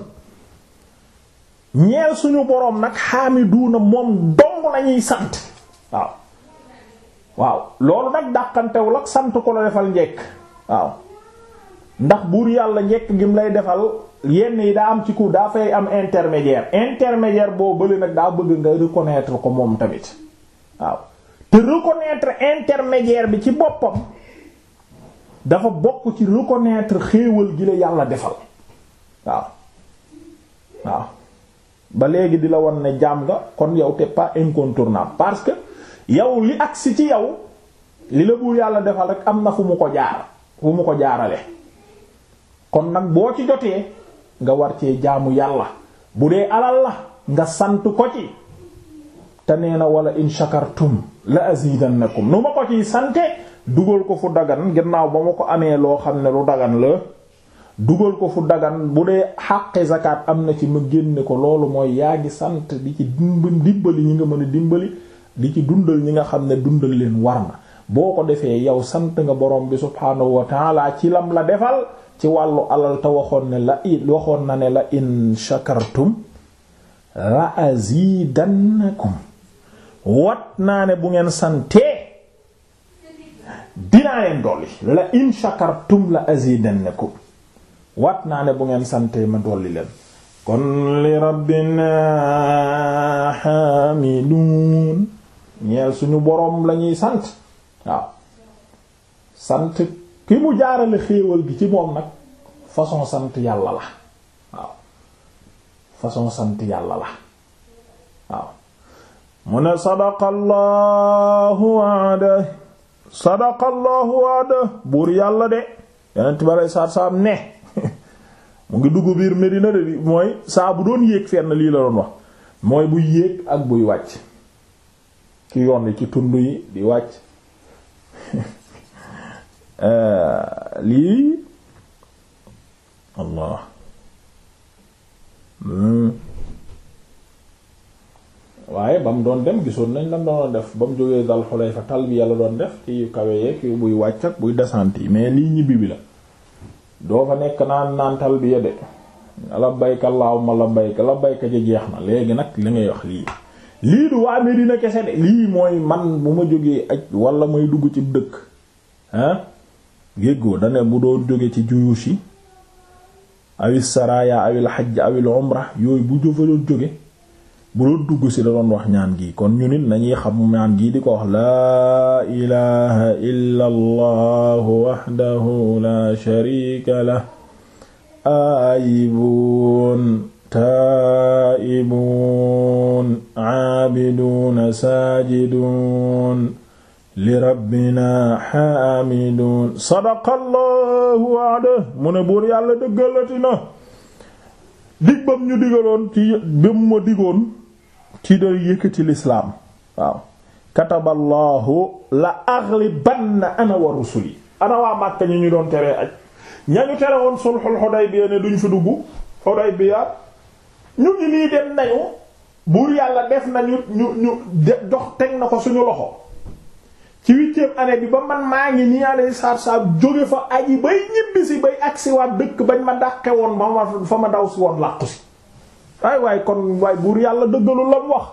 ñeel suñu boroom nag xaamiduuna moom dong lañuy sant waaw waaw loolu nag dàqantewul ak sant ko la defal njekk waaw ndax buur yàlla njekk gi mu lay defal yenn yi daa am ci ku daa fay am intermédiaire intermédiaire boo bële nag daa bëgg nga reconnaître ko moom tamit waaw te reconnaître intermédiaire bi ci boppam dafa bokk ci reconnaître xéewal gi la yàlla defal waaw waaw ba léegi di la wan ne jaam nga kon yow t'es pas incontournable parce que yow li agsi ci yow li la buur yàlla defal rek am na fu mu ko jaar fu mu ko jaarale kon nag boo ci jotee nga war cee jaamu yàlla bu dee alal la nga sant ko ci te nee na wala in shakartum la azidannakum nu ma ko ciy sante dugal ko fu dagan gannaaw ba ma ko amee loo xam ne lu dagan la dugal ko fu dagan bu dee xàqi zakat am na ci ma génne ko loolu mooy yaa ngi sant di ci dimbali ñi nga mën a dimbali di ci dundal ñi nga xam ne dundal leen war na boo ko defee yow sant nga boroom bi subhaanahu wa taala ci lam la defal ci wàllu alal te ne la i waxoon na ne la in shakartum la azidannakum wat naa ne bu ngeen santee dinaa leen dolli la in shakartum la ko waat naa ne bu ngeen santee ma dolli leen kon li rabbina hamidun ñeel suñu boroom lañuy sant waaw sant ki mu jaarale xéewal gi ci moom nag façon sant yàlla la waaw façon sant yàlla la waaw mu ne sadaqallahu wa'dahu sadaqallahu waada buur yàlla de yeneen tibaray saar saam ne mu ngi dugg biir Medina de mooy saa bu doon yéeg fenn lii la doon wax mooy buy yéeg ak buy wàcc ci yoon yi ci tund yi di wàcc eh, lii Allah hmm. waaye ba mu doon dem gisoon nañ lan doon def ba mu jógee dal xulayfa talbiya la doon def ci kawe yeeg buy wàcc buy desante yi mais lii ñibbi bi la doo fa nekk naan naan talbiya de la allahumma labbayk labbayk ja jeex na léegi nag li ngay wax lii lii du waa Medina kese de lii mooy man bu ma jógee aj walla may dugg ci dëkk ah géggoo dane bu doo jóge ci juyuush yi awil saraya awil hajj awil umra yooyu bu jofa doon jóge bu doon dugg ci da doon wax ñaan gi kon ñu nit nañuy xam ñaan gi di ko wax laa ilaha illa allah wahdahu la sharika lah aayibun taa'ibun aabiduuna saajidun li rabbina xaamidun sadaqallahu wa'da mu ne buur yàlla dëggalati na dig bam ñu digaloon ci bam ma digoon ci doy yëkkati lislaam waaw kataballahu la aghlibanna ana wa rusuli ana waa ñi ñu doon teree aj ña ñu tere woon sulhul Hudaybiya ne duñ fi dugg Hudaybiya ñu ngi nii dem nañu buur yàlla def nañu ñu ñu dox teg na ko suñu loxo ci huitième année bi ba man maa ngi nii alayhi salaam jóge fa aji bay ñibbisi bay agsi waa dëkk bañ ma dàqe woon ba ma fa ma daw si woon làqu si ay waaye kon waaye buur yàlla dëggalul la mu wax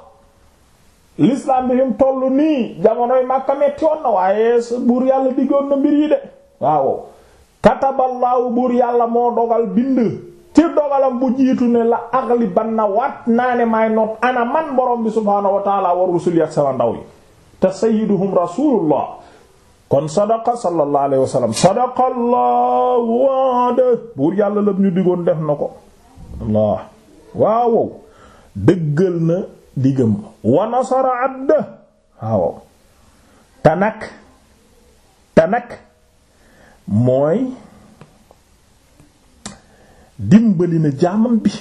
l'islam bi mu toll nii jamonoy Makka metti woon na waaye buur yàlla diggoon na mbir de waaw kataballaahu buur yàlla moo dogal bind ci dogalam bu jiitu ne la aghlibanna waat naa ne maay noot ana man borom bi subhaanahu wa wa rusuli ak sama ndaw yi te sayyiduhum rasulullah kon sadaqa sallallahu alayhi wa sallam sadaqa allahu buur yàlla lépp ñu diggoon def na ko Allah waawow dëggal na diggam wa nasara abda waawow tanak tanak mooy dimbali na jaamam bi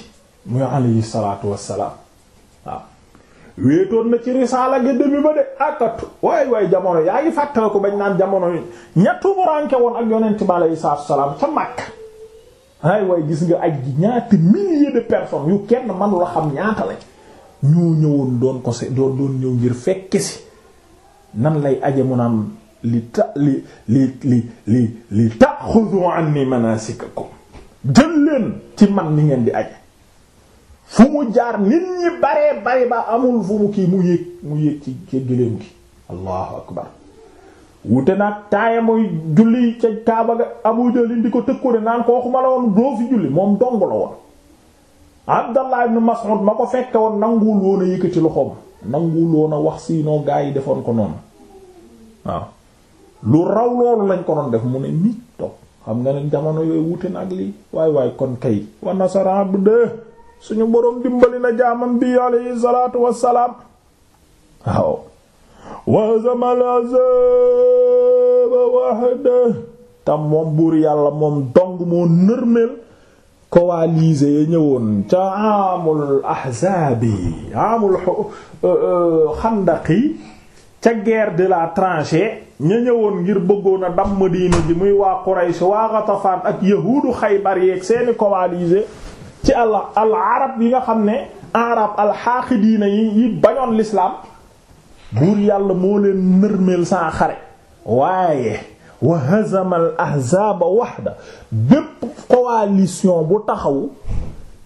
muy alayhi salaatu wassalaam waaw wéetoon na ci risaala ga demi ba de akatu waay waay jamono yaa ngi fàttala ko bañ naan jamono yi ñettu buranke woon ak yonent bi alayhi salaatu wassalaam ca Makka ay way gis nga aj gi ñaata milliers de personnes yu kenn manula xam ñaata lañ ñoo ñëwoon doon ko se doon doon ñëw ngir fekke si nan lay aje mu naan li ta li li li li li ta'khudhu anni manasikakum jël leen ci man ni ngeen di aje fu mu jaar nit ñi baree bare ba amul fu mu kii mu yéeg mu yéeg ci géléem gi allahu akbar wute naa taaya mooy julli ca Kaaba ga Abu di ko tëkkoone naan ko waxuma la woon doo fi julli moom dong la woon Abdallah ibn Mas'ud ma ko fekke woon nanguwul woon a yëkkati loxoom nanguwul woon a wax siinoo gaa yi defoon ko noonu waaw lu raw loolu lañ ko doon def mu ne nit toog xam nga ne jamono yooyu wute nag lii waay waay kon kay wa nasara abdee suñu boroom dimbali na jaamam bi alayhi salaatu salaam waaw wa zamal azaba wahda te moom buur yàlla moom dong moo nërmeel coalisé ya ñëwoon ca amul ahzaabi amul euh, euh, xandaqi ca ger de la tranchée ña ñëwoon ngir bëggoon a damm diine ji muy waa Quraysh waa Ghatafan ak yahuudu Xaybar yeeg seeni coalisé ci al al arab yi nga xam ne arab alxaaqidiina yi yi bañoon l'islam buur yàlla moo leen nërmeel sans xare waaye wa hazama al ahzaaba waxda bépp coalition bu taxaw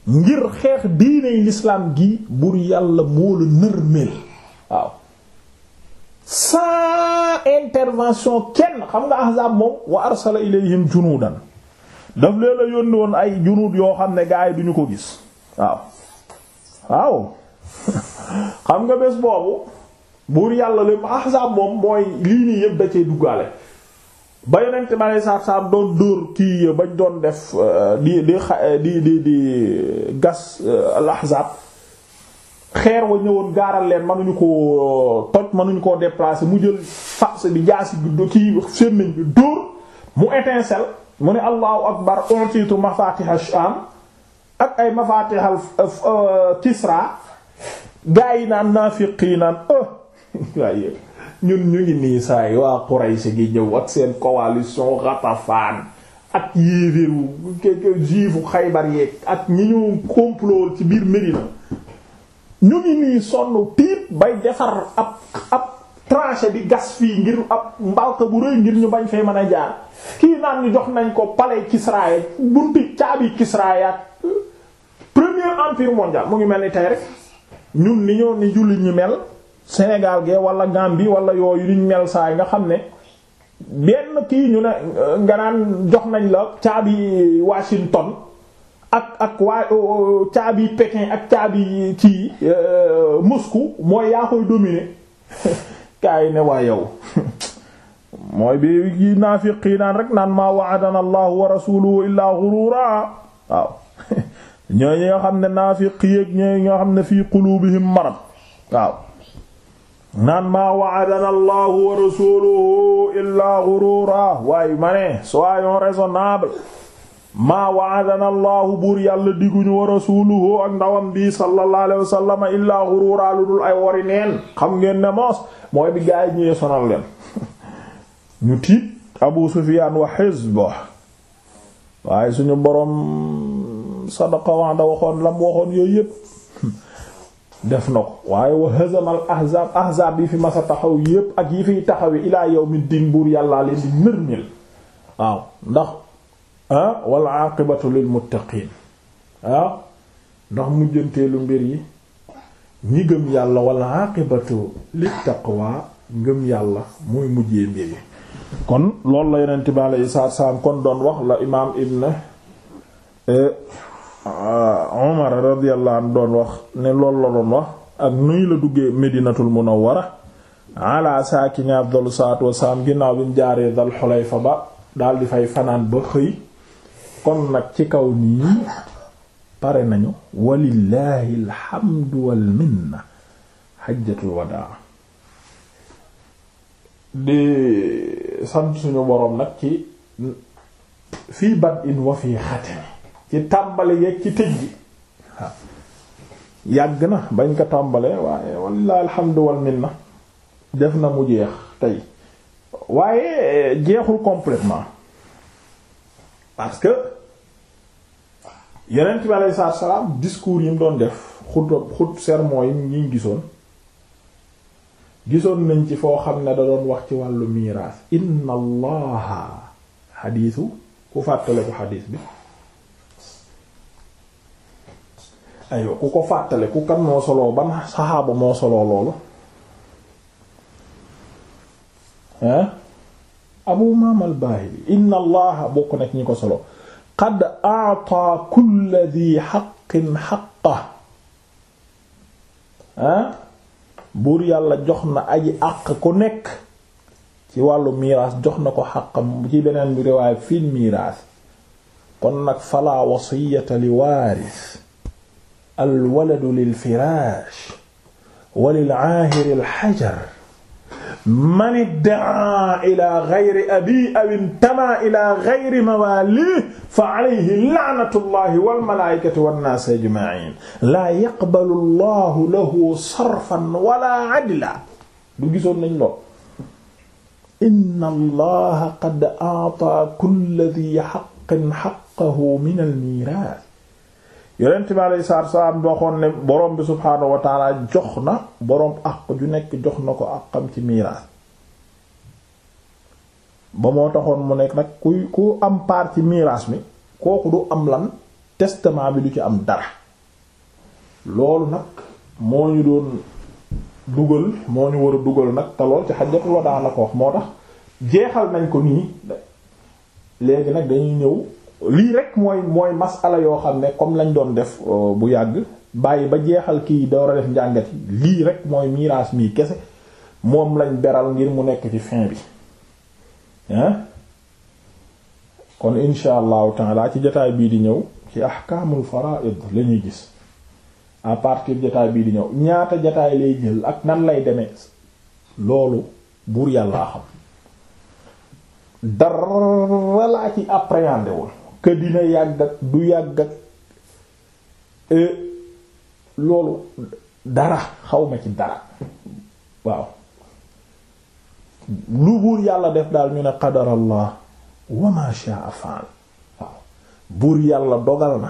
ngir xeex diiney lislaam gi buur yàlla moo la nërmeel waaw sans intervention kenn xam nga ahzaab moom wa arsala ilayhim junuudan daf leen a yónni woon ay junuud yoo xam ne gaa yi duñu ko gis waaw waaw xam nga bés boobu buur yàlla le ahzaab moom mooy lii nii yëpp da cee duggaale ba yonent ma lay saab doon dóor kii bañ doon def euh, di di di di di gas euh, al ahzaab xeer wa ñëwoon gaaral leen mënuñu ko euh, toj mënuñu koo déplacer mu jël fas bi jaasi bi kii bi dóor mu étincelle mu ne allahu akbar utitu mafatihal sham ak ay mafatihal kisra gaa yi naan naafiqi naan waaye ñun ñu ngi nii saa yi waa Quraysh gi ñëw ak seen coalition Ghatafan ak yéeféeru juifu Xaybar yeeg ak ñi ñu complot ci biir Médina ñu ngi nii sonn tiit bay defar ab ab tranchée di gas fii ngir ab mbalka bu rëy ngir ñu bañ fee mën a jaar kii naan ñu jox nañ ko palais Kisra yeeg bunti caabi Kisra euh, premier empire mondial mu ngi mel ni tey rek ñun ni ñoo ni jullit ñi mel Sénégal ge wala Gambie wala yooyu niñ mel nga xam ne benn kii ñu ne euh, nga naan jox nañ la caabi Washington ak ak waa euh, caabi Pékin ak caabi kii euh, Moscou mooy yaa koy dominer kaa yi ne waa yow mooy bi gi naafiq yi naan rek naan maa wa'adana allahu wa rasuluhu illaa ghurura waaw ñoo ñi xam ne naafiq yéeg ñoo xam ne fii qulubihim marad waaw naan maa wa'adana wa rasuluhu illaa ghurura waaye ma ne soyons raisonnables maa wa'adana buur yàlla diguñu wa rasuluhu ak ndawam bi sallallahu wa sallam illaa ghurura lu dul ay wari neen xam ngeen ne moos mooy bi gaay ñëwee sonal leen ñu tiit Abu Sufyaan wa hizbu waaye suñu boroom sadaqa wa'da waxoon lam waxoon yooyu yépp def na ko waaye wa ahzaab ahzaab yi fi masa taxaw yépp ak yi fiy taxawi ilaa yawmi diin buur yàllaa leen di mërmil waaw ndax ah wal aqibatu lil muttaqiin waaw ndax mujjanteelu mbir yi ñi gëm yàlla wal aqibatu lit taqwa ngëm yàlla mooy mujjee mbir yi kon loolu la yonent bi alayhi salaam kon doon wax la imaam ibn eh, Umar ah, radiyallahu anhu doon wax ne loolu la doon wax ak nuy la duggee Medinatul Munawwara ala saakini afdalu salaatu wasalaam ginnaaw bi mu Dal Xulayfa ba daal di fay fanaan ba xëy kon nag ci kaw nii pare nañu walillahi alhamdu wal minna wadaa di sant suñu boroom nag ci fii bad in wa fii ci tàmbali yeeg ci tëj gi yàgg na bañ ko tàmbalee waaye wallahi alhamdu minna def na mu jeex tey waaye jeexul complètement parce que yeneen bi aleyhi salaatu salaam discours yi mu doon def xut xut sermon yi ñu gisoon gisoon nañ ci foo xam ne da doon wax ci wàllu miiraas inna allaha xadiisu ku fàttale ko xadiis bi aywa ku ko fàttale ku kan moo soloo ban saxaaba moo soloo loolu ah abu maamal baahili inna allaha bokk na ci ñi ko solo qad a'ta kulla dhi haqqin haqqa buur yàlla jox na aji àq ku nekk ci wàllu miiraas jox na ko xaqam ci beneen bi riwaay fil miiraas kon nag fala wasiyata li waaris alwaladu lil firaash wa lil aahiri al hajar man iddaa ila ghayri abi aw intama ila ghayri mawali fa alayhi la'natullahi wal malaa'ikati wan naasi ajma'iin laa yaqbalu allahu lahu sarfan wala adla du gisoon nañ loo inna allaha qad a'taa kulla dhii haqqin haqqahu min al miiraas yonent bi alayhi salaatu salaam waxoon ne borom bi subhaanahu wa jox na borom àq ju nekk jox na ko àqam ci miraas ba moo taxoon mu nekk nag kuy ku am part ci miraas mi kooku du am lan testament bi du ci am dara loolu nag moo ñu doon dugal moo ñu war a dugal nag te lool ci xajjatul wadaa la ko wax moo tax jeexal nañ ko nii léegi nag dañuy ñëw. lii rek mooy mooy masala yoo xam ne comme lañ doon def euh, bu yàgg bàyyi ba jeexal kii door a def njàngat lii rek mooy miraas mi kese moom lañ beral ngir mu nekk ci fin bi hein kon insha allahu taala ci jotaay bii di ñëw ci ahkaamul fara'id la gis à partir jotaay bii di ñëw ñaata jotaay lay jël ak nan lay deme loolu buur yàllaa xam dara laa ci appréhender wul que dina yàgg du yàgg ak e, loolu dara xawma ci dara waaw lu buur yàlla def daal ñu ne qadarallah wa ma waaw buur yàlla dogal na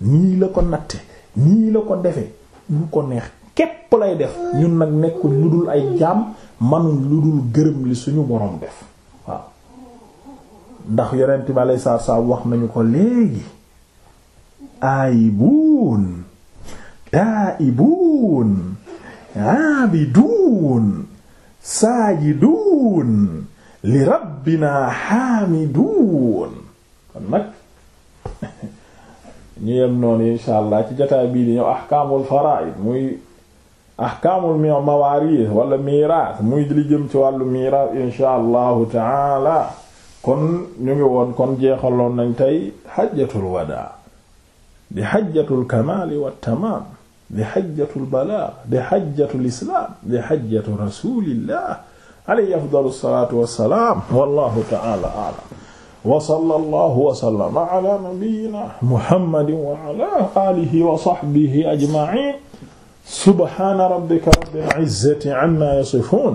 nii la ko natte nii la ko defe lu ko neex képp lay def ñun nag nekkul lu dul ay jaam manuñ lu dul gërëm li suñu boroom def waaw ndax yonent bi alayhi salaatu wax nañu ko léegi aayibuun taa'ibuun aabiduun saajiduun li rabbinaa xaamiduun kon yem noonu insha ci jataay bii di ñëw ahkaamul faraa'id muy ahkaamul mawaariis wala miiraas muy li jëm ci wàllu miiraas insha allahu kon ñu ngi woon kon jeexaloon nañ tey xajjatul wadaa di xajjatul kamaali wa tamaam di xajjatul balaa di xajjatul islaam di xajjatu rasulillah alayhi afdalu salaatu wassalaam wallahu ta'ala a'lam wa sallallahu wa sallama ala nabiyyina muhammadin wa ala alihi wa sahbihi ajma'in subhana rabbika rabbil izzati amma yasifun